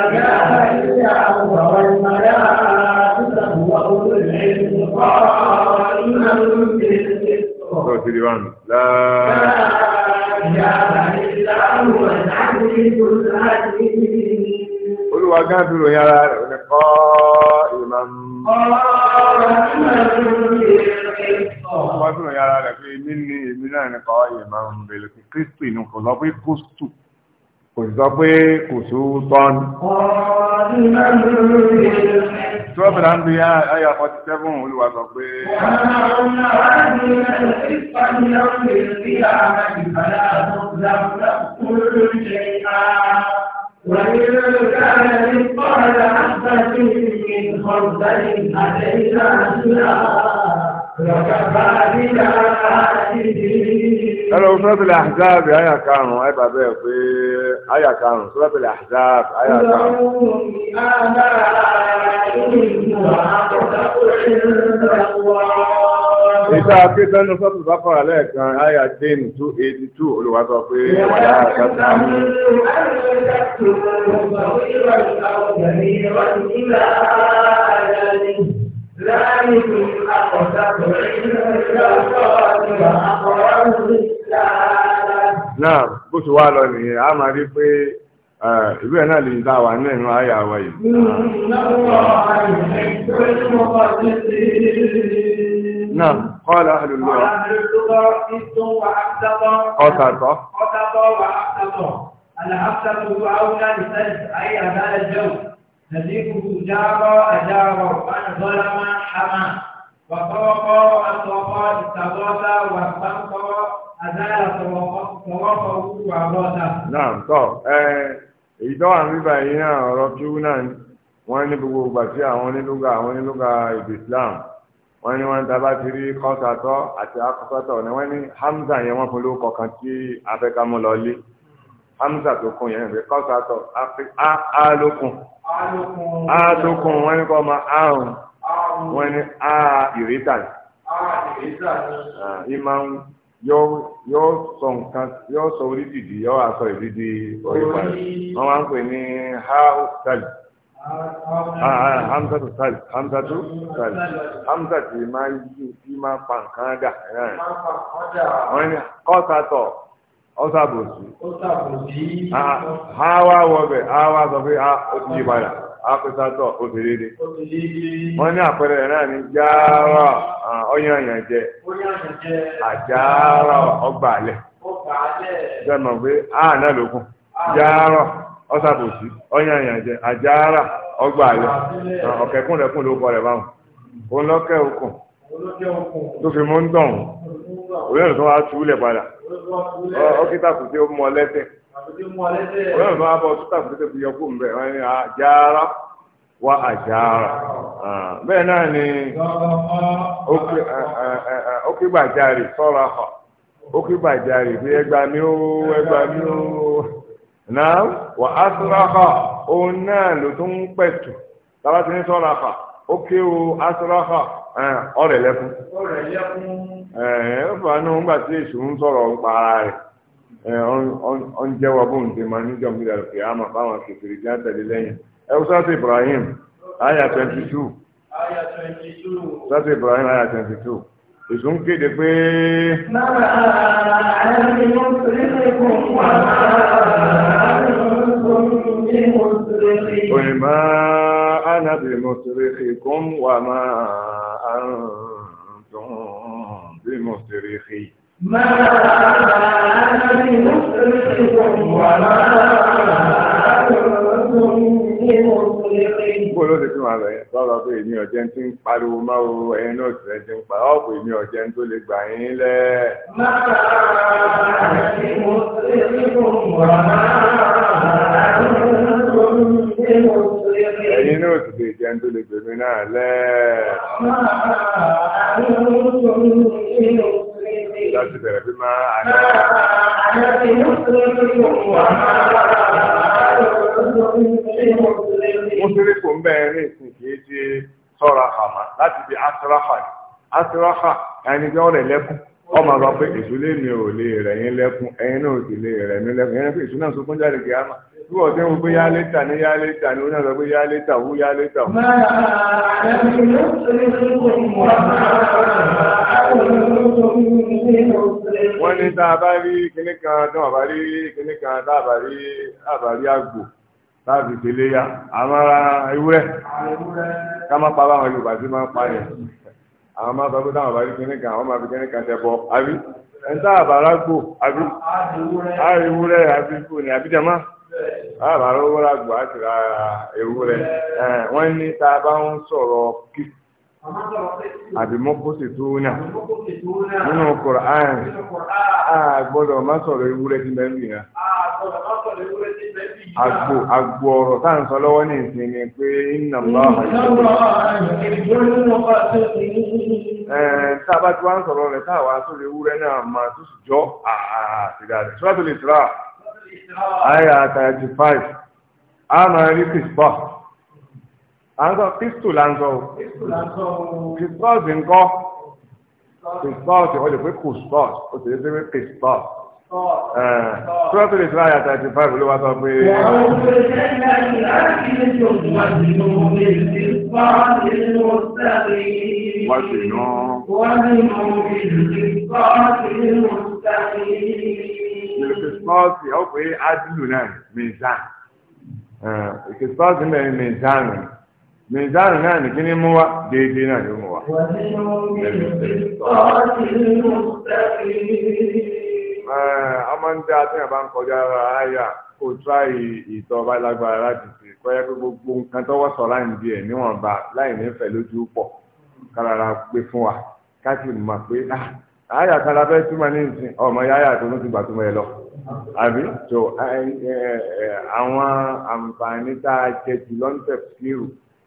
إله إلا هو والملائكة وأولو العلم قائما بالقسط لا إله إلا هو العزيز الحكيم Olúwa gán dúró yára rẹ̀ ní kọ́ ìmọ̀. Ọ̀rọ̀ ìmọ̀ ìrìn rẹ̀ sọ. Olúwa dúró yára rẹ̀ pé náà nípa ọ̀yẹ̀ máa ń bẹ̀rẹ̀ pé kristi ni kò sọ pé kristu kò sọ pé kò sóòótọ́ ni. Tọ́bìlá ń bí àyà 47 olúwa sọ pé. Wọ́n وإن كان مثقال حبة من خردل أتينا بها Ẹlọ Suratul Ahzab àyà karùn-ún ẹ̀bà bẹ́ẹ̀ pé àyà karùn-ún Suratul Ahzab àyà karùn-ún. Ìta akẹ́sẹ́nu Suratul Baqara lẹ́ẹ̀kan àyà ten two eighty two Olúwa sọ pé wàlá àkàtà mú. Ìwà ìlú àwọn ìlú àwọn ìlú àwọn ìlú àwọn ìlú. ذلكم أقسط عند الله وأقرب náà bó ti wá lọ nìyẹn a máa rí pé ìwé náà lè wa yìí. náà kọ́lá àlùlọ́ ọ̀tàtọ̀ ọ̀tàtọ̀ wà áfẹ́tọ̀ àlàáfẹ́tọ̀ wà áwúlá nìfẹ́ àyà bá ẹjọ́ نذيره جار أجار من ظلم حمى وطرق أطرق استغاث واستنصر أزال طرقه وعراته. نعم طب èyí tó wà níbà yìí náà ọ̀rọ̀ kíú náà wọ́n ní gbogbo ìgbà tí àwọn onílùgà àwọn onílùgà èdè Islam wọ́n ní wọ́n dábàá ti rí kọ́sàtọ́ àti akọ́sàtọ̀ ni wọ́n ní Hamza yẹn wọ́n fún lóko kan tí afẹ́kámú lọ lé hamza tó kún yẹn rẹ̀ kọ́sà tọ̀ alókun alókun wọ́n ní kọ́ ma àrùn wọ́n ní a ìrítà ní ìmá yóò sọ nǹkan yóò sọ orí dìdì yóò àsọ ìdídì orí parí wọ́n wá ń pè ní hau sali hamza tó sali hamza tó sali hamza tí máa yí tí máa pa nǹkan dà wọ́n ní kọ́sà tọ̀. ọ̀sàbòsí hawa wọ̀bẹ̀ àwa sọ pé ah, ó ti yí padà àpẹsàtọ̀ onye ti dédé wọ́n ní àpẹẹrẹ rẹ̀ náà ní jẹ àjáárọ̀ ọgbà alẹ̀ jẹ́mọ̀ pé àánà ah, lókun jáárọ̀ ọ̀sàbòsí ọyàn àyàn jẹ tó fi mú ń tàn òun náà tó wá túlẹ̀ padà ó kí tàkù tí ó mú ọ lẹ́sẹ̀ òun náà tó wá bọ̀ tó tàkù tó fi yọ kó mbẹ́ wọn ni àjára wá àjára bẹ́ẹ̀ náà ni ó kí gbàjarì sọ́ra hàn ó kí gbàjarì bí ẹgbàá mi ó ẹgbàá mi ó náà wà á sọ́ra hàn òun náà ló tún ń pẹ̀tù tábàtì ní sọ́ra hàn ó kí o á sọ́ra hàn ọ̀rẹ́ lẹ́kún. ọ̀rẹ́ lẹ́kún. ẹ fanu ńgbà tí èṣù ń sọ̀rọ̀ nípa ara rẹ̀ ọ ń jẹ́wọ́ bó ń ṣe máa níjọ́ mi dàrú Ibrahim aya twenty two. aya twenty two. sáfì Ibrahim aya twenty two. èṣù ń kéde pé. náà àwọn ẹni mo ti rí ẹ̀kọ́ wà á lọ́wọ́ Òyìnbá Anabi Mùsùlùmí kún wà máa. أنتم بمصرخي ما أنا بمصرخكم وما أنتم Bọ́lá ti fi máa lọ yẹn sọ̀rọ̀ pé èmi ọ̀jẹ̀ ti ń pariwo máa wo ẹ̀yin náà ti rẹ̀ ti ń pa ọ̀pọ̀ èmi ọ̀jẹ̀ tó lè gbà yín lẹ̀. Ẹ̀yin náà mùsùlùmí kò ń bẹ̀rẹ̀ ní ìsìn kìí ṣe sọ́ra hàmà láti fi asraha asraha ẹni tí wọ́n rẹ̀ ọmọ àgbà pé èṣù lè mi ò lè rẹ̀ yín lẹ́kún ẹ̀yin náà ò sì lè rẹ̀ mí lẹ́kún ẹ̀yin pé èṣù náà sunkún jáde kìí àmà bí wọ́n ti ń wo yá létà ní yá létà ní onáà sọ yá létà wú yá létà wú. wọ́n ní tá a bá rí kinní kan tó a bá rí kinní kan tá a bá rí a bá rí àgbò láti tẹ̀lé ya àmọ́ ewúrẹ́ ká má pa báwọn Yorùbá sí máa ń pa yẹn àwọn máa sọ pé táwọn bá rí kíní kan àwọn máa fi kíní kan tẹ̀bọ̀ àbí ẹ̀ńtà àbára gbò àbí àìwúrẹ́ àbí kò ní àbí jẹ́ máa àbára owó rà gbò àti ra ewúrẹ́ wọ́n ní tá a bá ń sọ̀rọ̀ kíkọ́. àbí mọ́kóṣètúnà nínú Qur'an a gbọ́dọ̀ má sọ̀rọ̀ ewúrẹ́ tí bẹ́ẹ̀ bì náà agbo agbo ọ̀rọ̀ tá à sọ lọ́wọ́ ní ìsìn ni pé iná lọ tá a bá ti wá ń sọ̀rọ̀ rẹ̀ tá náà máa tó sì lè tura à ń sọ kristu là ń sọ o kristu ńkọ́ kristu ó lè pé kristu ó sì lè pé kristu sọ́tún ìsìlá àyà thirty five ló wá sọ pé. wọ́n sì pé ádùlù náà mìíràn. Kìsìpọ́ọ̀sì mẹ́rin mìíràn mìzánù náà ní kí ní mú wá déédéé náà ló mú wá. Eh, ọmọ ń dá tí wọn bá ń kọjá ara àyà kó tó àyè ìtọ́ ọba lágbára láti ṣe kọ́yá pé gbogbo nǹkan tọ́wọ́ sọ láì ní díẹ̀ níwọ̀nba láì nífẹ̀ẹ́ lójú pọ̀ kárára pé fún wa ká sì mọ̀ pé ah, àyà kan fẹ́ túmọ̀ ní ìsìn ọmọ yáyà tó ń ti gbà túmọ̀ ẹ lọ àbí tó eh, eh, àwọn àǹfààní tá a jẹ jù lọ́ńtẹ̀ fírù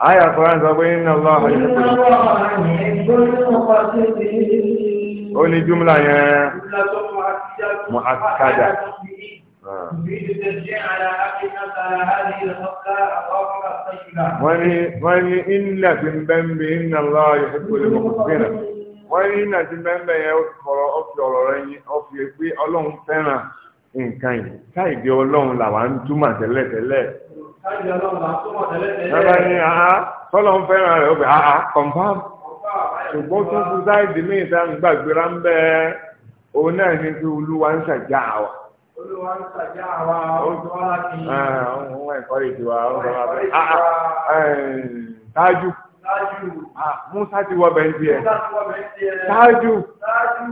Ayà Kùránì sọ pé iná lọ́wọ́ ó ní jùmlà yẹn mu'akkada. Wọ́n ní iná ti bẹ́m̀bẹ̀ iná lọ́wọ́ ìfẹ́kùn lè mọ̀kùnrin. Wọ́n ní iná ti bẹ́m̀bẹ̀ yẹn ó fi ọ̀rọ̀ rẹ̀ yìí, ó pé ọlọ́run fẹ́ràn nǹkan yìí. Táìdí ọlọ́run làwà túmọ̀ tẹ́lẹ̀tẹ́lẹ̀. Bàbá ni àá sọ́lọ́ ń fẹ́ràn rẹ̀ ó bẹ̀ àá confam. Ṣùgbọ́n tún fún sáìdì míì tá ń gbàgbéra ń bẹ́ òun náà ní kí olúwa ń ṣàjà wa. Olúwa ń ṣàjà wa ọjọ́ láti. Ọ̀hún ẹ̀kọ́ ìdìwà ọ̀hún ṣáájú. Musa ti wọ bẹ́ẹ̀ tiẹ̀. Ṣáájú.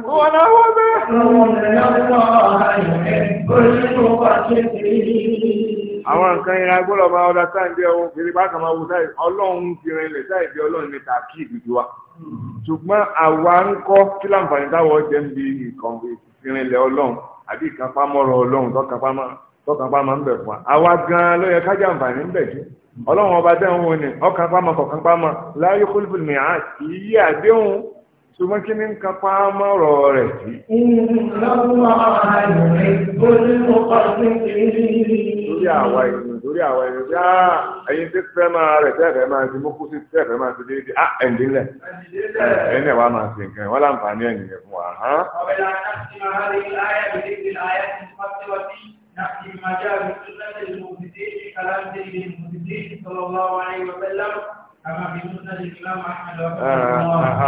Wọ́n náà wọ bẹ́ẹ̀. Àwọn ọ̀rẹ́ náà wọ àyè olùkọ́ àti ìdílé àwọn nǹkan yẹn agbọ́dọ̀ máa ọ̀dà sáìdì ọ̀hún kiri bákan máa wo sáìdì ọlọ́run fi rinlẹ̀ sáìdì ọlọ́run ní tàkì ìdúdú wa ṣùgbọ́n àwa ń kọ́ kí láǹfààní táwọn jẹ́ ń bi nǹkan ìrìnlẹ̀ ọlọ́run àbí ìkápámọ́rọ̀ ọlọ́run tọ́kápámọ́ ń bẹ̀ fún wa àwa gan-an ló yẹ kájà àǹfààní ń bẹ̀ jù ọlọ́run ọba dẹ́hùn wo ni ọkàn pámọ́ kọ̀ọ̀kan pámọ́ láyé kúlùfù ní à ìyí àdéhùn ṣùgbọ́n kí ni ń kan pámọ́rọ̀ rẹ̀ sí. ìlànà àìrè olùkọ́ sí ìrírí sí àwa ènìyàn lórí àwa ènìyàn bí ah, ẹ̀yin tí fẹ́ máa rẹ̀ tẹ́fẹ́ máa ti mú kú sí tẹ́fẹ́ máa ti déédéé á ah, ẹ̀ǹdínlẹ̀ ẹ̀ǹdínlẹ̀ wa máa ti nǹkan wọ́n láǹfààní ẹ̀yìn rẹ̀ fún wa. نحكي ما جاء بسنة المفسدين كلام سيد المفسدين صلى الله عليه وسلم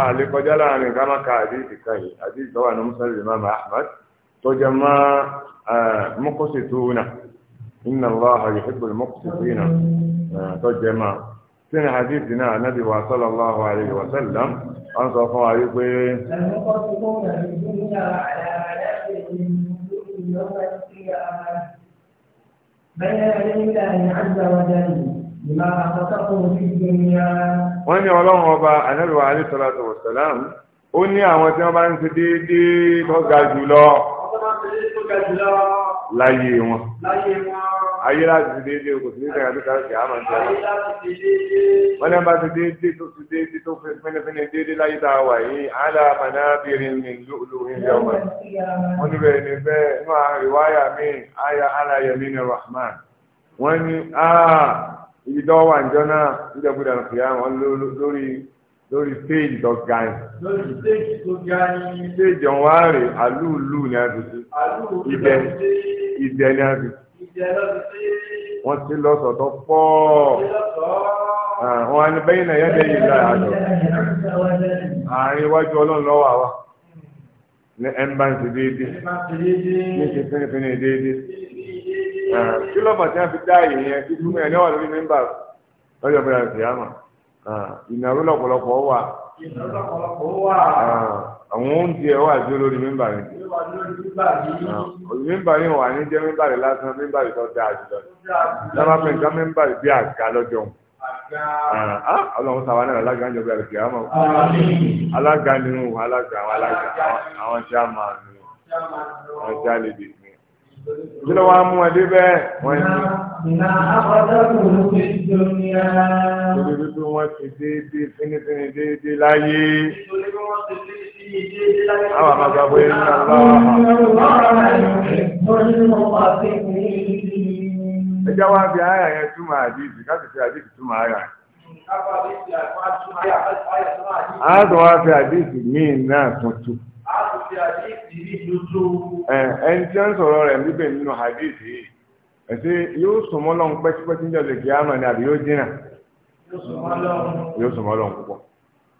Àlè kọjá láàrin ká máa ka àdíjì káyì, àdíjì tọ́wà ní Mùsùlùmí Imam Ahmad tó jẹ máa eh, mọ́kọ́sì tó náà. إن الله يحب المقصدين آه، تجمع سنة حديث دناء النبي صلى الله عليه وسلم أنصى صلى الله عليه وسلم المقصدون يجبون على wọ́n ní ọlọ́run ọba anábìwá alẹ́sọ̀láṣọ̀ wọ̀sálàmù ó ní àwọn tí wọ́n bá ń ti déédéé tó ga jùlọ láyé wọn. ayé láti fi déédéé kò sí nígbà tó kárọ̀ kì á máa ń tẹ̀lé. wọ́n náà bá ti déédéé tó ti déédéé tó fi fínífíní déédéé láyé tá a wà yìí aláàmàná bèrè ní lóhùn ìyá ọmọ. wọ́n ní bẹ́ẹ̀ ni bẹ́ẹ̀ inú àríwáyà mi àyà aláyẹmí ni rahman. wọ́n ní ibi tó wà níjọ́ náà níjọ́ gbọ́dọ̀ kì á wọn lórí stage tó ga ni. lórí stage tó ga ni. stage ọ̀hún wá rè ni a fi sí. alúùlù ni a fi sí. ibẹ̀ ibẹ̀ ni a fi sí wọ́n ti lọ sọ̀tọ̀ pọ̀ wọ́n ah, á ní bẹ́yìn náà yẹ́dẹ̀ yìí láì àjọ àárín iwájú ọlọ́run lọ́wọ́ àwa ní ẹ̀mbánsì déédéé ní ṣe fínífíní déédéé ah, kí lọ́mọ̀ tí wọ́n fi dá èyí yẹn kí túmọ̀ ẹ̀ ní ọ̀rọ̀ nínú nígbà lọ́jọ́ bẹ̀rẹ̀ sí àmà ah, ìnáwó lọ́pọ̀lọpọ̀ wà àwọn oúnjẹ wà sí olórí mímbà yẹn mímbàrí wà ní jẹ́ mímbàrí lásán mímbàrí tó dáa jùlọ lábá pé nǹkan mímbàrí bí àga lọ́jọ́ ah, ọlọ́run sáwà náà alága ń jọba ìrìkì àmọ́ alága nínú alága àwọn alága àwọn tí a máa nù ọjà lè dè kí ló wá mú ẹ dé bẹ́ẹ̀ wọ́n ní. na akọ̀dọ́kùn ló fi dùn yá. torí wípé wọ́n ti déédéé fínífíní déédéé láyé. torí wípé wọ́n ti déédéé déédéé láyé. àwọn àmàgbà bóyá ń nà lọ. ẹ jẹ́ wá bí àyà yẹn túmọ̀ àdìsí ká sì fi àdìsí túmọ̀ àyà yẹn a tó wá fi àdéhùn míì náà tuntun. ẹni tí wọ́n sọ̀rọ̀ rẹ̀ bíbẹ̀ nínú hadith yìí ẹ̀sẹ̀ yóò sọmọ́ lọ́n pẹ́tipẹ́ti ń jọ̀dẹ̀ kí á mọ̀ ní àbí yóò jìnnà yóò sọmọ́ lọ́n púpọ̀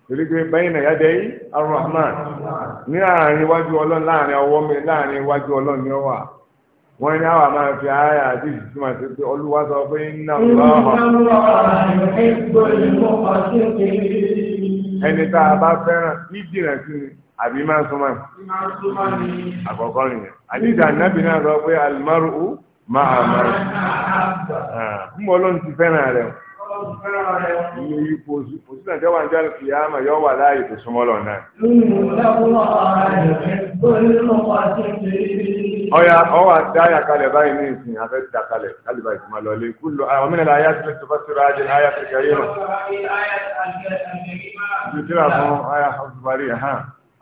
torí pé bẹ́yìn náà yájẹ́ yìí arahman ní àárín iwájú ọlọ́run láàrin ọwọ́ mi iwájú ni ó sọ pé ẹni tá a bá fẹ́ràn ní sí ni. àbí máa súnmọ́ ní àkọ́kọ́ nìyẹn àdídà nábì náà sọ pé alimaru máa máa ń bọ́ ló ń ti fẹ́ràn rẹ̀ iye ipò òsínà jọ wà ní jọ́ kìí àmà yọ wà láàyè tó súnmọ́ lọ náà. ọ̀yà ọwà dáyà kalẹ̀ báyìí ní ìsìn afẹ́ dà kalẹ̀ kalẹ̀ báyìí tó máa lọ lé kúlò àwọn ayé àti tó bá tóra ajé ní ayé àti kẹrìmà. ìtura fún ayé àti kẹrìmà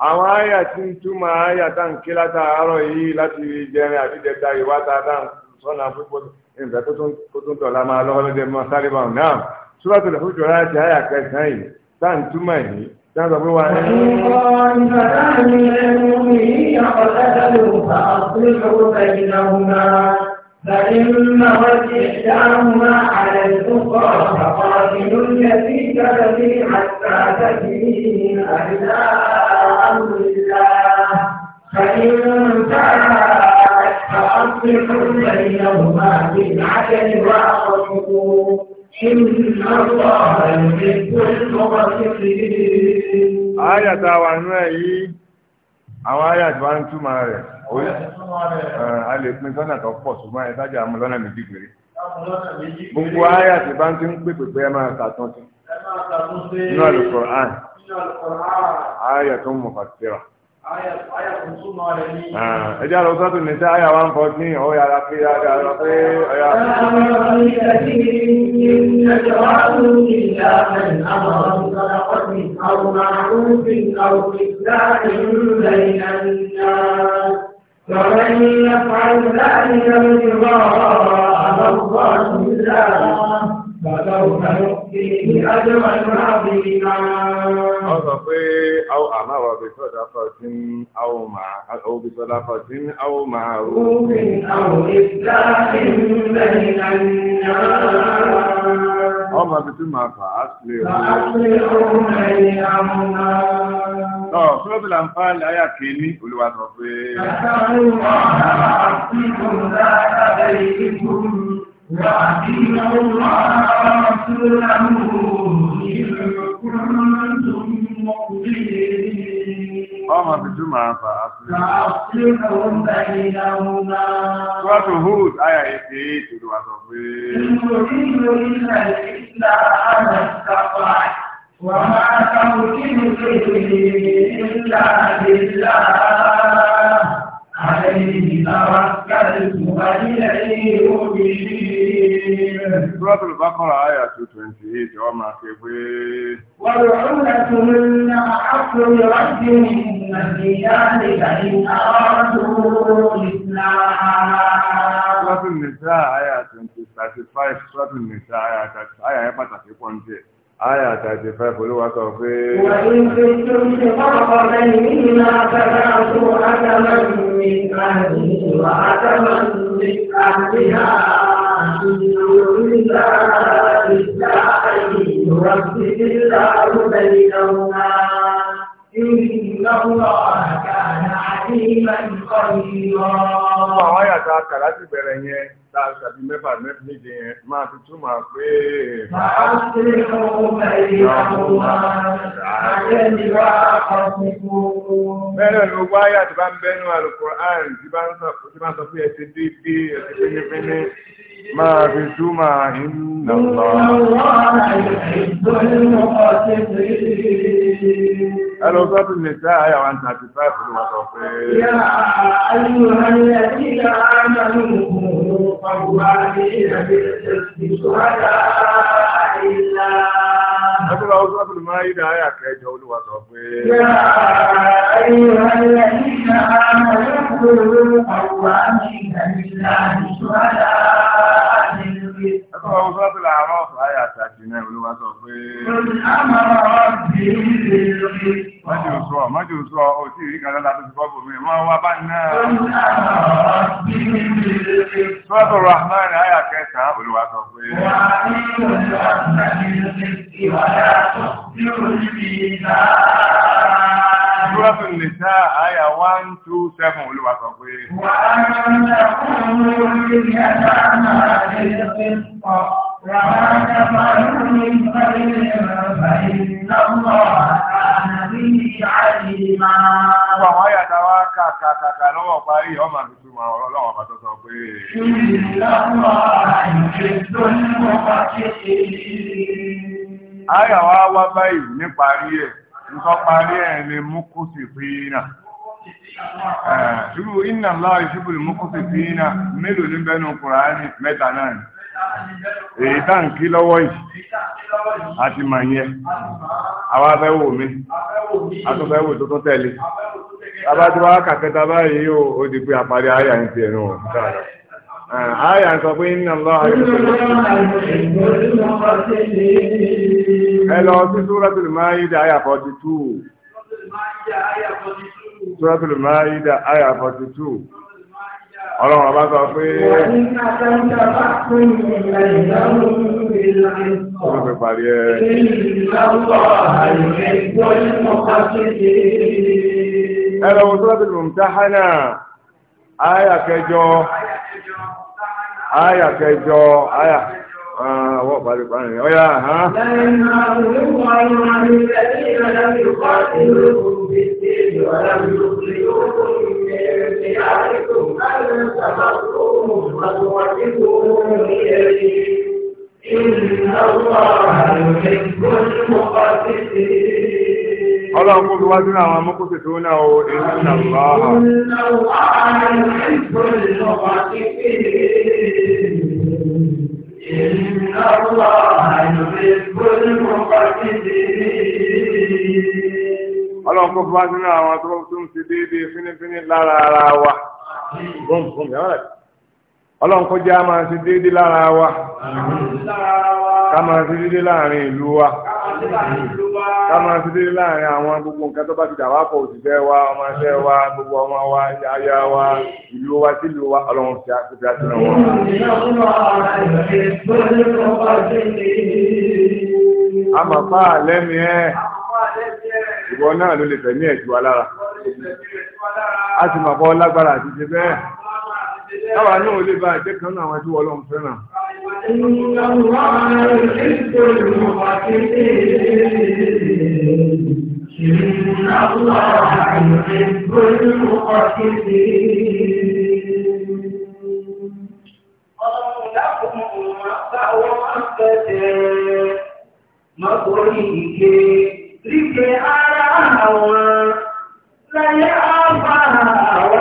àwọn àyà tí ń túmọ̀ àyà tá ń ké látàárọ̀ yìí láti jẹrin àti jẹta ìwáta tá ń sọ́nà púpọ̀ nǹkan tó tún tọ̀ la máa lọ́wọ́ lọ́dẹ mọ́ sáré bá náà Suratul Hujurat ti àyà kẹsàn-án yìí tá ń túmọ̀ yìí tá ń sọ pé wà ní. فإن وجه على الأخرى فقاتلوا التي تبغي حتى تبني أهلها أمر الله فإن فعلت فأصلحوا àwọn àyà tí wọ́n ń túmọ̀ rẹ̀ a lè pín sọ́nà kan pọ̀ ṣùgbọ́n ẹ sájà lọ́nà méjì péré gbogbo àyà tí bá ń ń pè ẹ máa ayatun mufassira ah, ẹjẹ́ àlọ́ sọ́tún ní sí àyà 114 ó yára pé yára lọ pé ọ̀yà. ومن يفعل ذلك ابتغاء مرضات الله فسوف نؤتيه أجرا عظيما ọ̀sọ̀ pé àmàwà bí sọ́dá fọ́sín áwò máa rúfin àwọn ìsìláàfin lẹ́yìn ọmọ bí tí máa fà á sílé ohun ẹ̀yìn àmúnà ọ̀ fúlọ́bìlà ń fàálì ayà kìí ní olúwa pé àtàrí وأطيعوا الله ورسوله إن كنتم مؤمنين. أما بجمعة فأصلحوا بينهما. سورة هود آية 88 إن أريد إلا الإسلام استطعت وما توفيقي إلا بالله عليه توكلت وإليه أجيب سورة البقرة آية 28 وما كبير والعلة أحق بربهن في ذلك إن أرادوا الإسلام سورة النساء آية 35 سورة النساء آية 35 آية 35 Aya tàbí fẹ́ folúwa sọ pé Ìrọ̀sí ìlà àrùn ẹ̀yìn ọ̀nà ìrìnà ọ̀nà kà láti bẹ̀rẹ̀ yẹn tá a ṣàbí mẹ́fà méje yẹn máa fi túmọ̀ pé. Màá ṣe ohun ẹ̀yìn àwọn àjẹ́niwá ọ̀sìnkú. Bẹ́ẹ̀ ló wá yàtọ̀ bá ń bẹ́nu àlùkò àrùn tí bá ń sọ pé ẹ ti dé dé ẹ ti fínífíní máa fi túmọ̀ iná lọ. Ẹlọ sọ́tù lè tẹ́ àyà 135 ló wà sọ pé. Yá ayúhànlẹ̀ tí a máa ń mú ọgbà ní ìrẹ̀lẹ̀ ìṣòwádà ìlà. Ẹgbẹ́ wa ọdún ọdún máa yíra ayà kẹjọ olúwa sọ pé. Ẹgbẹ́ wa ọdún ọdún àwọn ọ̀fọ̀ ayà tàbí náà olúwa sọ pé. Olùdámọ̀ ọ̀bí ìlú Májì ò sọ, májì ò sọ, ò sí ìrí kan lọ́la tó ti fọ́bù mi, wọ́n wá bá náà. Sọ́tọ̀ Rahman àyà kẹsàn-án olùwà sọ pé. Súrọ́tù Nìsá àyà 127 olùwà sọ pé. Wà á ń lọ fún orí ẹ̀dá máa lè ṣe pọ̀. وما تفعلوا من خير فإن الله كان به عليما. وهي دواك كاكا لو باي يوم الجمعة ولو ما تصبي. إن الله يحب المقسطين. Àyà wa wá báyìí níparí ẹ̀, nǹkan parí ẹ̀ ni mú kú sí fínà. Ṣùgbọ́n iná láàrín ṣùgbọ́n mú kú sí fínà, mélòó ní bẹ́nu Kùránì mẹ́ta náà ni. èyí táǹkì lọ́wọ́ yìí ma mà yẹn àwọn afẹ́wò mi atúnfẹ́wò tó tó tẹ̀lé abájúwá kàkẹta báyìí ó di pé àparí àyà ń nke ẹ̀nu ọ̀hún Aya ń sọ pé iná lọ ẹlọ sí Súratul Máídà àyà 42. Súratul Máídà àyà 42. ọlọ́run ọba sọ pé wọ́n fi parí ẹ̀ ẹ̀rọ suratul mumtahana àyà kẹjọ àyà kẹjọ lẹ́yìn náà ló wà lọ́wọ́ àti ìrẹ̀lẹ́ ìrọ̀lẹ́ ụlọakwụkọ gị adịghị awa amụkọ ketụ onye aghụghọ dị i na mba agha ọlọ́run kó fún wa sínú àwọn tó tún ti déédéé fínífíní lára ara wa ọlọ́run kó jẹ́ a máa ṣe déédé lára wa ká máa ṣe déédé láàrin ìlú wa ká máa ṣe déédé láàrin àwọn gbogbo nǹkan tó bá ti dà wá pọ̀ òṣìṣẹ́ wa ọmọ ẹṣẹ́ wa gbogbo ọmọ wa aya wa ìlú wa sílùú wa ọlọ́run fi àkókò àti ràn a máa fà á lẹ́nu ẹ̀ ìwọ náà ló lè fẹ̀mí ẹ̀ jù wa lára a sì máa bọ́ lágbára àti ṣe bẹ́ẹ̀. Táwa náà lè bá ẹgbẹ́ kan náà àwọn ẹbí wọlọ́n fẹ́ràn. Ọlọ́run dákùn mọ̀ sáwọ́ máa ń tẹ̀sẹ̀ ara àwọn láyé àbára àwọn.